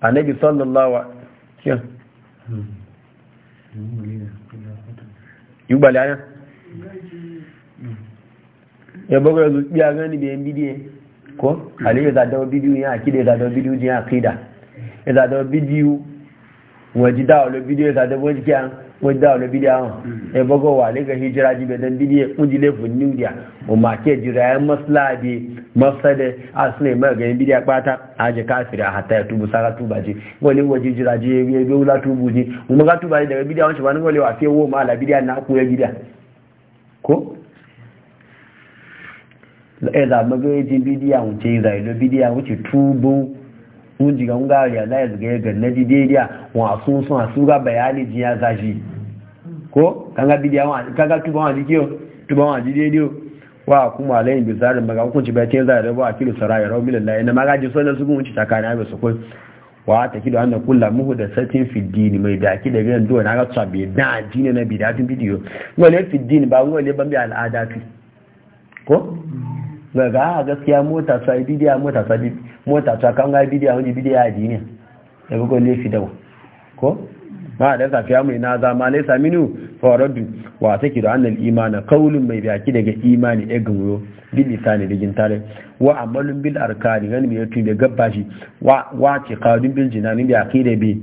a nabi sallallahu a kyan yi gbali ana ya bakwai zuwa gani da yan bidiya ko aliyu za dawo bidiyu ya akida za dawo bidiyu akida za dawo bidiyu waji dawo lo bidiyu za dawo waji kyan waji dawo lo bidiyu mm. wa hijira jibe dan bidiyu kunji le fun new dia o ma ke jira ya masla bi ma ga bidiyu ya tubu sara tuba ji waji jira ji tubu ji tuba daga bidiyu shi wa wo ma na zama ẹ̀dà magayajin bidiya wuce yi zailo bidiya wuce tubo wun jiga wun ga realize ga yaga na bidiya wa asun sun asu ga bayani jin ya zashi ko kanga bidiya wa kanga tuba wa jikiyo tuba wa jidiyo wa kuma alayhi bi zalim maga hukunci bai tayi zairo ba akilu saraya rawu min lillahi na maga ji sunan su gun wuce tsakani abin su ko wa ta kido anna kullu da satin din mai da ki daga yanzu na ga bai da dinin na bidatin bidiyo wale fi din ba wale ban bi al'ada ko ga a ah, gaskiya mota sa bidiya mota sa mota ta kan ga bidiya wani bidiya a duniya da bugo ne fi dawa ko ba ah, da ka fiya mai na zama laisa minu faradu wa take da annal imana qaulun mai biyaki daga imani e gawo bi lisani da tare wa amalun bil arkani gan mai tun da gabbashi wa wa ti qadun bil jinani bi aqida bi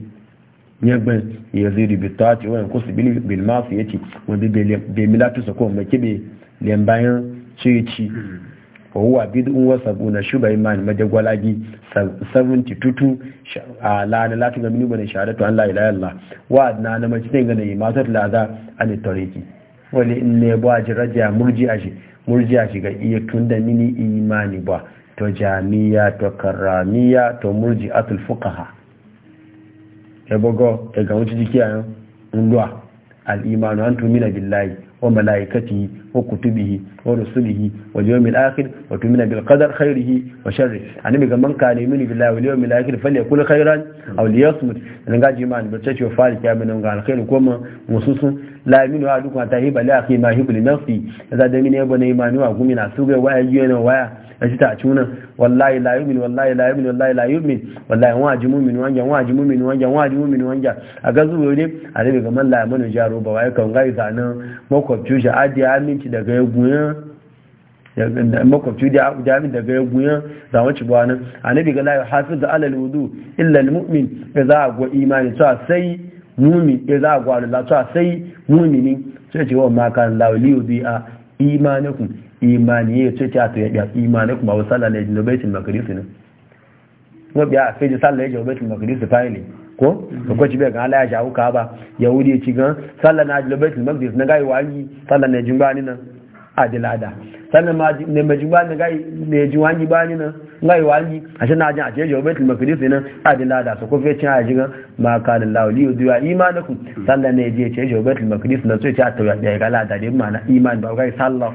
yagban yazidu bi taati wa yankusu bil bil mafiyati wa bi bi milatu sako mai kibe lembayan cici wa huwa bid'un wasa guna shuba iman majagwalagi 72 a lana latin ga minu shahadatu an la ilaha wa na na majin gane ma zat laza an tariki Wani in ne ba ji rajiya murji shi shi ga iya da mini imani ba to jamiya to karamiya to murji'atul ha? ya bugo ga wuce jikiya yan ndwa al imanu an tumina billahi wa malaikatihi wa kutubihi wa rusulihi wa yawmil akhir wa tu'minu bil qadar khairihi wa sharri annabi ga man kana yu'minu billahi wal yawmil akhir falyakul khairan aw liyasmut dan gaji ma ba ce ce fari ya bin ga alkhairi ko ma mususun la yaminu adukum tahiba la akhi ma da da mine bane imani wa gumina su ga waya waya na shi ta ci wunan wallahi la yumin wallahi la yumin wallahi la yumin wallahi waji mumin wanja waji mumin wanja waji mumin wanja a ga zuwa ne a daga ga man la mana jaro ba wai kan gai zanan makwabci shi adi aminci daga ya guya makwabci jami'in daga ya guya za wace ba nan annabi ga hafi da alal wudu illa al mu'min idza gwa imani to sai mumin idza gwa la to sai mumini sai ce wa ma kan la a imanakum imani ya ce ta ya imani kuma wasu sallah na ejino baitin makarisi ne wọ́n bí i àfẹ́jì sallah ejino baitin makarisi fáìlì ko ko ci bai ga Allah ya shawo ka ba yahudi ci gan sallah na ejino baitin makarisi na gai wani sallah na ejin ni nan adilada sannan ne ma majin bani gai na ejin wani bani nan gai wani a shi na ji a ce ejino baitin makarisi nan adilada ko kofe ci a ji jigan ma ka da lauli ya duwa imanakun sallah na ejin ya ce ejino baitin makarisi na so ci a tauya ya ga lada ma na imani ba gai sallah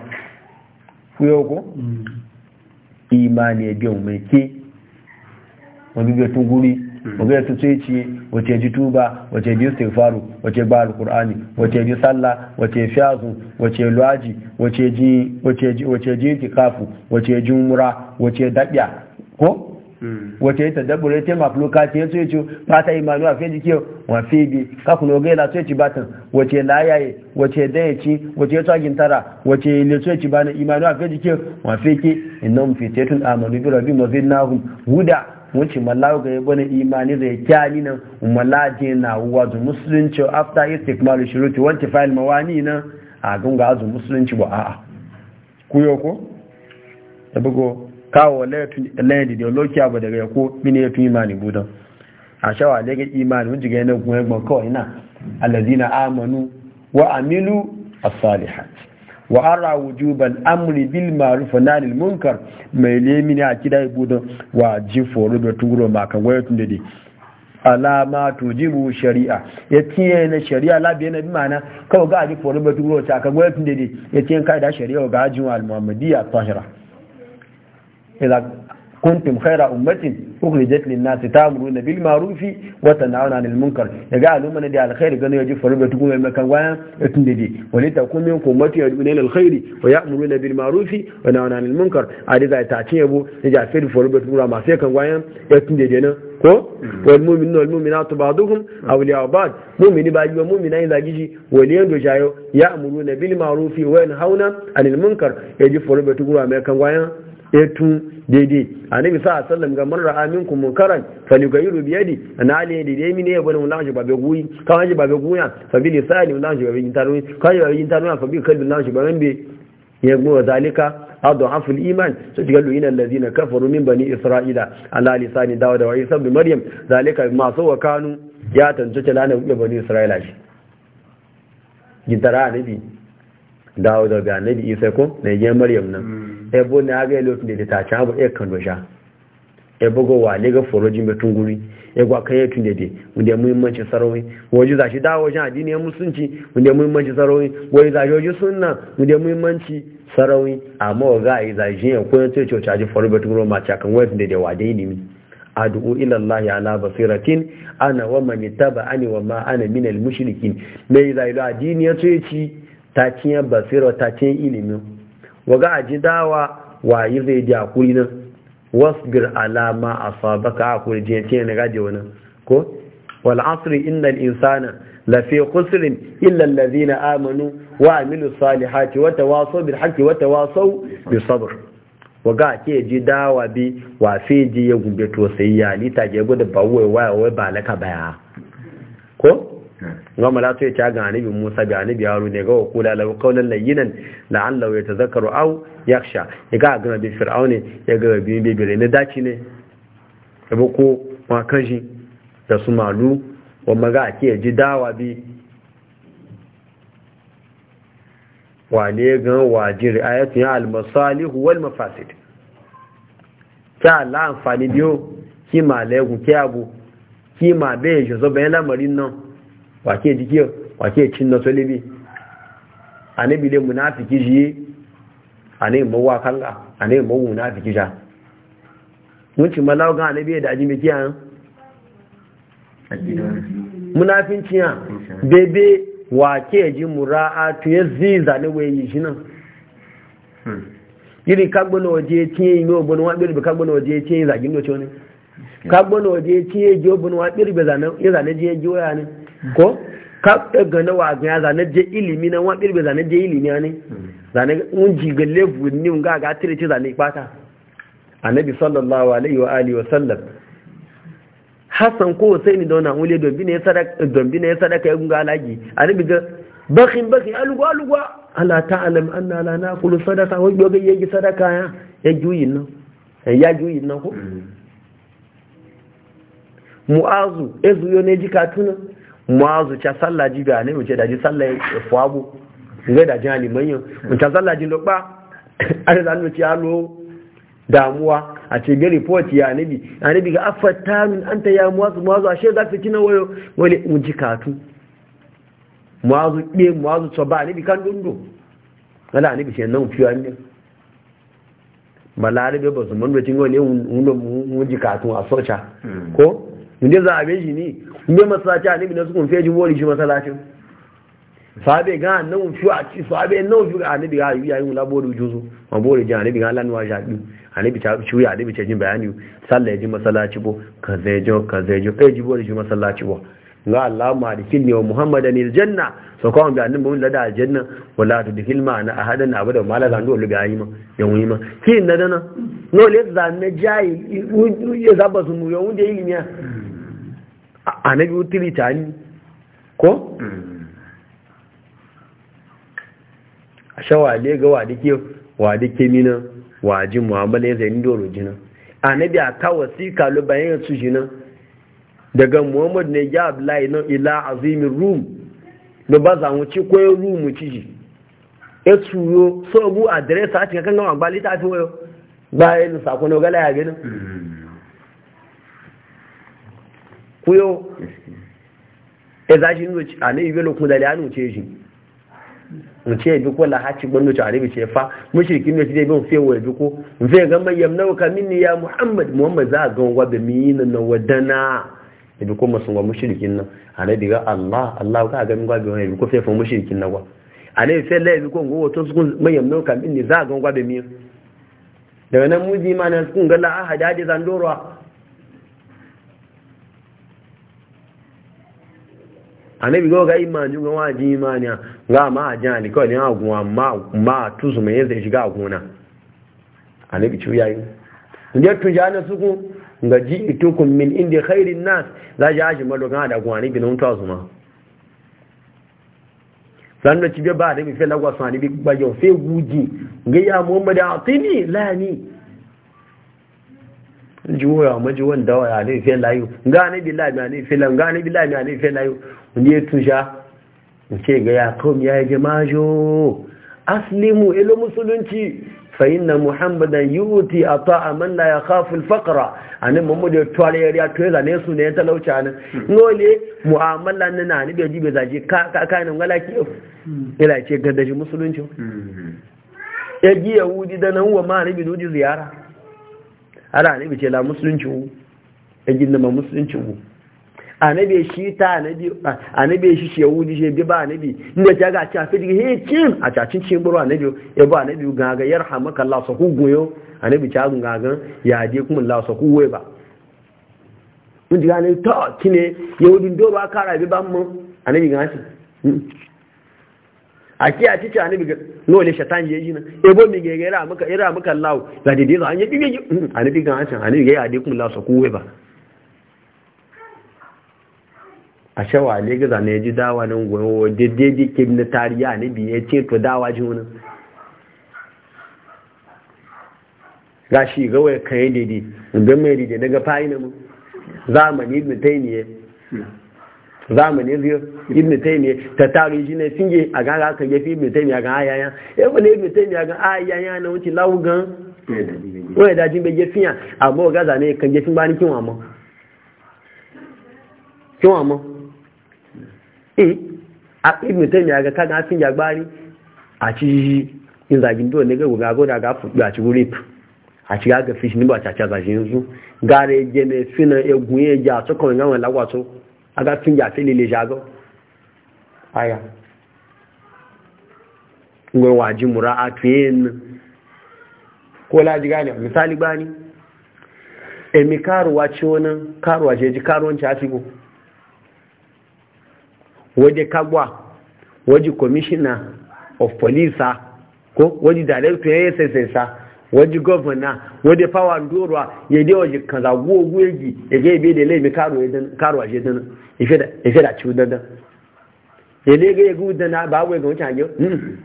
kuyoko mm. imani ya biya umarke wani tun guri mm. wani ta ce ce wace ji tuba wace biyu istighfaru wace ba alkur'ani wace ji sallah wace fiyazu wace luwaji wace ji wace ji wace ji wace ji umra wace dabiya ko wace ya tadabbure ce mafluka ce su yace ba ta imanu a fiye ke wa fiye ka kuno ga la ce batan wace la yaye wace da ya ci wace ya tsagin tara wace le ce ci bana imanu a fiye ke wa fiye ke innahum fitatun amanu bi rabbihim wa zidnahum huda wuce mallahu ga yabo na imani da ya kyani nan malaje na wazu musulunci after istikmalu shuruti wanti fa'il mawani nan a gunga azu musulunci ba a'a kuyo ko da bugo kawo layan da ideologiya abu daga yako mini yato imani budan a shawa daga imani wunji ga yana gun egbon kawai na alazina amanu wa aminu as saliha wa ara wujuban amri bil ma'ruf wa munkar mai lemini a kidai budan wa ji foro da turo makan wayatun tun dade alama jibu shari'a ya tiye na shari'a labi yana bi mana kawai ga aji foro da turo ta kan wayatun da dai ya tiye kai da shari'a ga ajin al-muhammadiyya tahira إذا كنتم خير أمة أخرجت للناس تأمرون بالمعروف وتنهون عن المنكر يقال من دي على خير كانوا يجب فربة تقوم المكان وين تندي ولتكون منكم أمة يدعون إلى الخير ويأمرون بالمعروف وينهون عن المنكر هذا إذا تعطيه أبو نجع فربة فربة تقوم ما كان وين تندي هنا كو والمؤمنون والمؤمنات بعضهم أولياء بعض مؤمن باجي ومؤمن إذا جي وليان دجايو يأمرون بالمعروف وينهون عن المنكر يجب فربة تقوم المكان وين etu daidai anabi sa sallam ga man ra'a minkum munkaran falyughayyiru bi yadi ana ali yadi dai mine ya bani wannan shi babe guyi kan shi babe guya fa bi lisani wannan shi babe gintanu kan shi babe gintanu fa bi kalbi wannan shi babe ya go zalika adu aful iman sai diga lu inal ladina kafaru min bani isra'ila ala lisani dawud wa isa bi maryam zalika ma sawa kanu ya tantance lana bani isra'ila shi gidara anabi dawo daga annabi isa ko na yi maryam nan ebo mm. na aga ilo tun da ta ci abu ekan dosha ebo go wa lega forojin betun guri ego aka yi tun da de wanda muhimmanci sarawi waje za shi dawo jan addini musulunci wanda muhimmanci sarawi waje za waje sunna muhimmanci sarawi amma ga ai yan cewa ji foro betun ta kan da adu'u ila Allah ala ana wa man tabani wa ma ana min al ta cinye basira ta cinye ilimin waga a ji dawa yi zai ji akuri nan wasbir alama a sabaka akuri jiya cinye na gaje wani ko wal'asiri asri innal insana lafi khusrin illa na amanu wa amilu salihati wata waso, bil haki wa waso bi sabr waga ke ji dawa bi wa fi ji ya gumbe to sai ya ta je da bawai wai wai ba laka baya ko gama la ya ci ga anabi musa bi anabi yaro ne ga wakula lau kaunan layinan la'allahu ya tazakaru au yaksha ya ga gama bi fir'aune ya ga bi bebere na daci ne ya ko makashi da su malu wa maga ake ya ji dawa bi wale gan wajir ri'ayatun ya almasalihu wal mafasid ta la amfani biyo ki male ku ki abu ki ma bẹ́ẹ̀ ìṣọ̀sọ́ bẹ̀yẹn lámọ̀rí nan. wake jikiyar wake cin na solibi a ne bile munafiki jiye a ne mawa kanga a ne mawa munafiki ja wuncin malawugan a ne biya e da aji mai kiyan eh? munafin ciya bebe wake ji mura'a tuye ziza ne wai yi shi nan hmm. yiri kagbona waje tiye yi obin wa birbe kagbona waje tiye yi zagin doce wani kagbona waje tiye yi obin wa birbe zane jiye jiwoya ne ko ka ga na wa ga zane je ilimi na wa birbe zane je ilimi ne mm. zane na un ji ga level ni un ga ga tire ce za annabi sallallahu alaihi wa alihi wa sallam hasan ko sai ni dona wule don bi ne sadaka don bi ne sadaka ya gunga alaji annabi ga bakin bakin alugwa alugwa ala ta'lam anna la naqulu sadaka wa yoga yaji sadaka ya ya juyin nan eh, ya juyin na ko mm. mu'azu ezu yo ne jikatuna mazu ca sallaji ji ga ne wuce daji ji sallah ya fabu zai daji jin alimanyin wuce sallah ji lokpa a da zanen wuce halo damuwa a ce ga report ya nabi a nabi ga afata min an ta ya mazu mazu a shaida fi kina wayo wani wuce katu mazu ɗe mazu ta ba a nabi kan dundu wala a nabi shi nan fiye ne balarabe ba su manubacin wani wuce katu a soca hmm. ko inda a beji ne inda masalaci a nabi na sukun fiye ji wori shi masalacin sabe ga nan fi a ci sabe nan fi ga annabi ga yi yayin bori juzo ma bori ji annabi ga Allah nuwa a annabi ta shuri a annabi ce jin bayani sallah ji masallaci bo ka zai jo ka zai jo ka ji bori shi masallaci bo ga Allah ma da kinni wa Muhammadu il janna so ko an ga annabi lada a janna wala ta da ma na a ahadan abu da mala zan dole ga yi ma yan yi ma kin na dana no le zan na jayi ya zaba su mu ya da ilimiya annabi utili tani ko a shawale ga wadike wadike mina ji mu'amala ya zai ndoro jina anabi a kawo sika lo bayan su jina daga muhammad ne ya abdullahi na ila azimin rum da ba za mu ci koyo rum ci ji ya tsuro so bu adresa a cikin kan gama gbali ta fi wayo bayan sakon ogala ya gina kuyo ya e za shi nuna a na ibe lokuta da ya nuce shi mu ce bi ko lahaci gwamnu ce arabi ce fa mushrikin ne shi zai bin fewa bi ko mu fe ga mai yamna ka minni ya muhammad muhammad za a ga wa da mi na wadana e bi ko masu wa mushrikin nan a na ga allah allah ka ga e min gwa bi ko fe fa mushrikin nan gwa ale fe le bi ko ngowa to su mai yamna ka minni za a ga wa da mi daga nan muji ma na sun ga la ahada da zandorwa annabi go ga imani ga waji imani ga ma ajan ko ni agun amma ma tusu me yadda shiga aguna annabi ci yayi inda tun ja na suku ga ji itukum min indi khairin nas za ja ji malo ga da gwani bi non tasu ma dan da ci be ba da bi fe lagwa sani bi ba yo fe guji ga ya muhammad atini lani juwa ma juwan dawa ya ne fe layu ga ne billahi ma ne fe layu ga ne billahi ma ne fe layu ne tuja ce ga ya kom ya yi jimajo aslimu ilo musulunci fayin na muhammadan wuti a amin na ya kafin fakara a nan mamu da tuwaliyar ya tuwa zane su ne hmm. hmm. ya talauci nan nole mu'amala na na ni bai ji bai zaje kakanin walaki ila ce gardashi musulunci ya ji yahudi da nan wa ma bi bi ziyara Ana ni bi ce la musulunci wu ya gina ma musulunci wu anabi shi ta anabi anabi shi shi yahudi shi bi ba anabi inda ta ga ta fiji he cin a ta cin cin buru anabi ya ba anabi ga ga yarhamaka Allah sa ku goyo anabi ta ga ga ya je kuma Allah sa ku wai ba mun ji ne to kine yahudi do ba kara bi ba mu anabi ga shi hmm. a ki a cici anabi ga no le je yi na ebo mi ga ga ra maka ira maka Allah ga dide an yi bi anabi hmm, ga shi anabi ga ya je kuma Allah sa ku wai ba a shawa ne gaza ne ji dawa nan gwayo daidai dike na tariya ne biye ce to dawa ji wani ga shi gawai kan yi daidai ga mai daidai daga fayi na mu zamani ibn taimiyya zamani ibn taimiyya ta tari ji ne singe a ga aka yafi ibn taimiyya ga ayaya yabu ne ibn taimiyya ga ayaya na wuce lawugan wani dajin bai ya amma gaza ne kan yafin bani kinwa ma kinwa ma eh ibn ya ga ka sun yagbari a ci in yi do ne ga ga go da ga fudu a ci achi a ci ga fish ni ba ta ta yanzu gare je ne fina egun ye ja to ko ngan la wato aga tun ja tele le jago aya ngwe waji mura'atu yin ko laji ji waje kagwa waje commissioner of police ko waje director ya sai sa waje governor waje power and dora ya dai waje kaza gogo yaji ya ga ibe da laifi karo ya dan karo ya dan ife da ife da ciwo dan ya dai ga yagu dan ba wai ga wancan ajo hmm.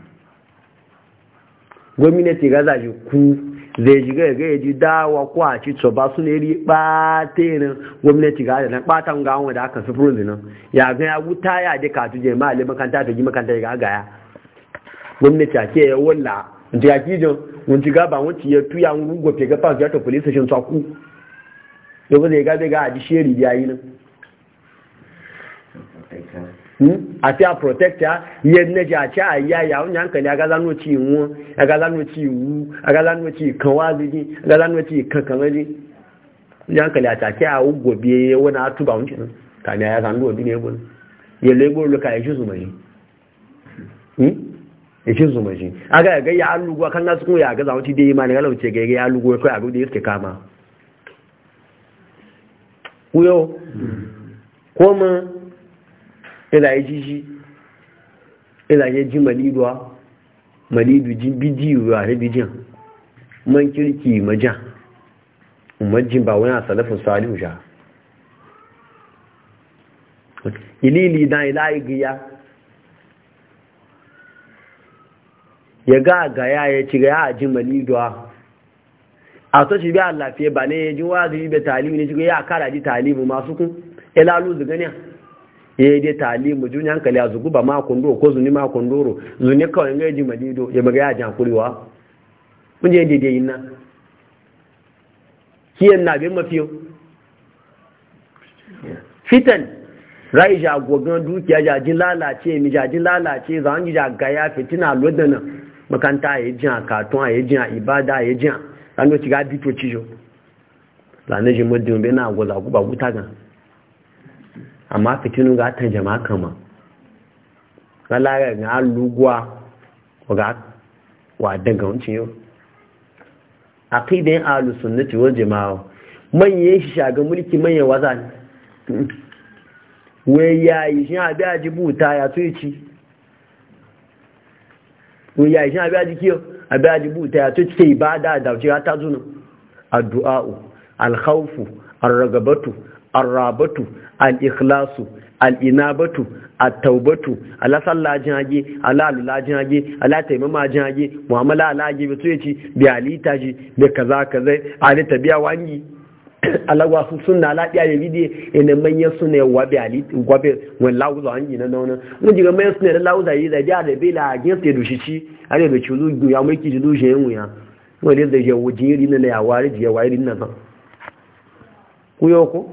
gwamnati ga za ku zai ji gaya ga ji dawa ko a ci ba su ne ri ɓaterin gwamnati ga da nan ɓatan ga wanda aka sufurin zinan ya ga ya wuta ya je ka tuje ma makanta ta yi makanta ga gaya gwamnati a ke ya walla nti ya kijin wunci gaba wunci ya tuya ngugo fe ga fa ya to police station tsaku yau zai ga zai ga a ji sheri da yi nan Hmm? àti àprotector yẹ nẹjà àti àyà ìyàwó ní àǹkàlẹ̀ agálánútì ìwọ̀n agálánútì ìwú agálánútì ìkànwázídí agálánútì ìkànkànlẹ́dí ní àǹkàlẹ̀ àtàkì àwògbòbí ewé náà túbà oúnjẹ náà tàbí àyà sàndúwò bí ní ẹgbẹ́ náà yẹ lẹ́gbẹ́ olóka ìṣúzùmọ̀ṣì agagaga ya alugu a kan gaskun ya gaza wata dai ma ne ya alugu ya kai kama kuyo ila ya jiji ila ya ji maliduwa malidu ji bidiyo a rabijan man kirki majan majin ba wani a salafin salihu sha ilili dan ila igiya ya ga gaya ya ci gaya a ji maliduwa a to shi biya lafiya ba ne ya ji wazi be talibi ne ci gaya kara ji talibu masu kun ila luzu ganiya ya dai talimu juni hankali a zuguba ba kunduro ko zuni ma zuni kawai ga ji madido ya maga ya jankurewa mun je daidai yin nan kiyan na bin mafiyo fitan rai jagogan dukiya jajin lalace mi jajin lalace za an gija gaya fitina lodana makanta ya jin a katon a ya jin a ibada ya jin a ranar shiga bito cijo ranar jimar dimbe na agwaza guba guta gan amma fitinu ga ta jama'a kama lalaga ga lugwa ga wa daga wancin yau aqidan ahlus sunnati wal jamaa manyan shi shaga mulki manyan waza ne wai yayi shin abi ajibuta ya ci? wai yayi shin abi ajikiyo abi ajibuta ya tuci sai ibada da wuce ta zuna addu'a al-khawfu ar-ragabatu ar-rabatu al-ikhlasu al'inabatu a taubatu ala sallah jihage ala alula jihage ala taimama jihage mu'amala ala age bai tuye bi bai halitta bi kaza kaza halitta biya wangi alagwa sun suna laɗiya da bidiyo ina manyan suna yawa bai halitta gwabe wani lawuza wangi na nauna mun jiga manyan suna da lawuza yi da biya da bai la agin sai dushi ci har yadda ci lu ya mulki ji lushe yin wuya wani da yawo jiri na yawa rijiyar wari na zan ku yau ko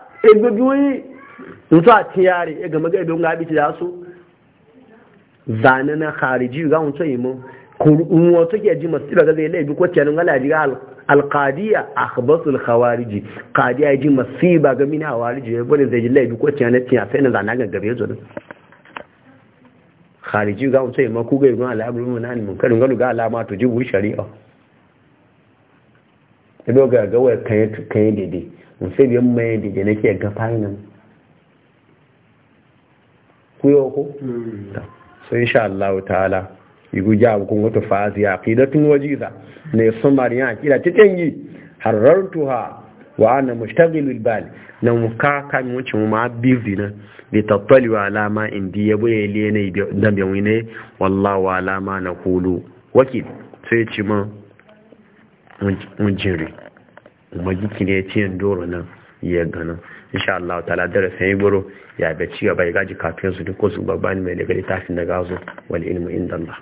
ebe biyoyi mutu a tiyare ya gama gaibe nga abiti da su zane na khariji ga mutu yi mun kuma ke ji masu ga zai laifi kwa tiyanin ala ji alkadiya a basul khawariji qadiya ji masiba ga min hawariji e e ya bane zai ji laifi kwa tiyanin tiya sai na zana gaggabe ya zuwa khariji ga mutu yi ma ku ga yi gwan al'abru mun nan mun karin gano ga alama to jibu shari'a ido e ga ga kan yi daidai nse bi mma ya dije na ke ga fayin ku yo hmm. ko so insha Allah ta'ala yugo ja kun wata fazi aqidatun wajiza ne sumari ya akida titengi harartuha wa ana mushtaghilul bal na muka kan wuce mu ma busy na bi tattali wa alama indi yabo yele ne dan bi wine wallahi wa alama na kulu wakil sai ci ma mun jiri kuma ne ya ce yin doro nan ya ganin insha Allah ta'ala darasin yi buru ya bai ci gaba ya gaji kafin su duk wasu babban mai daga littafin da gazo wani ilmu inda Allah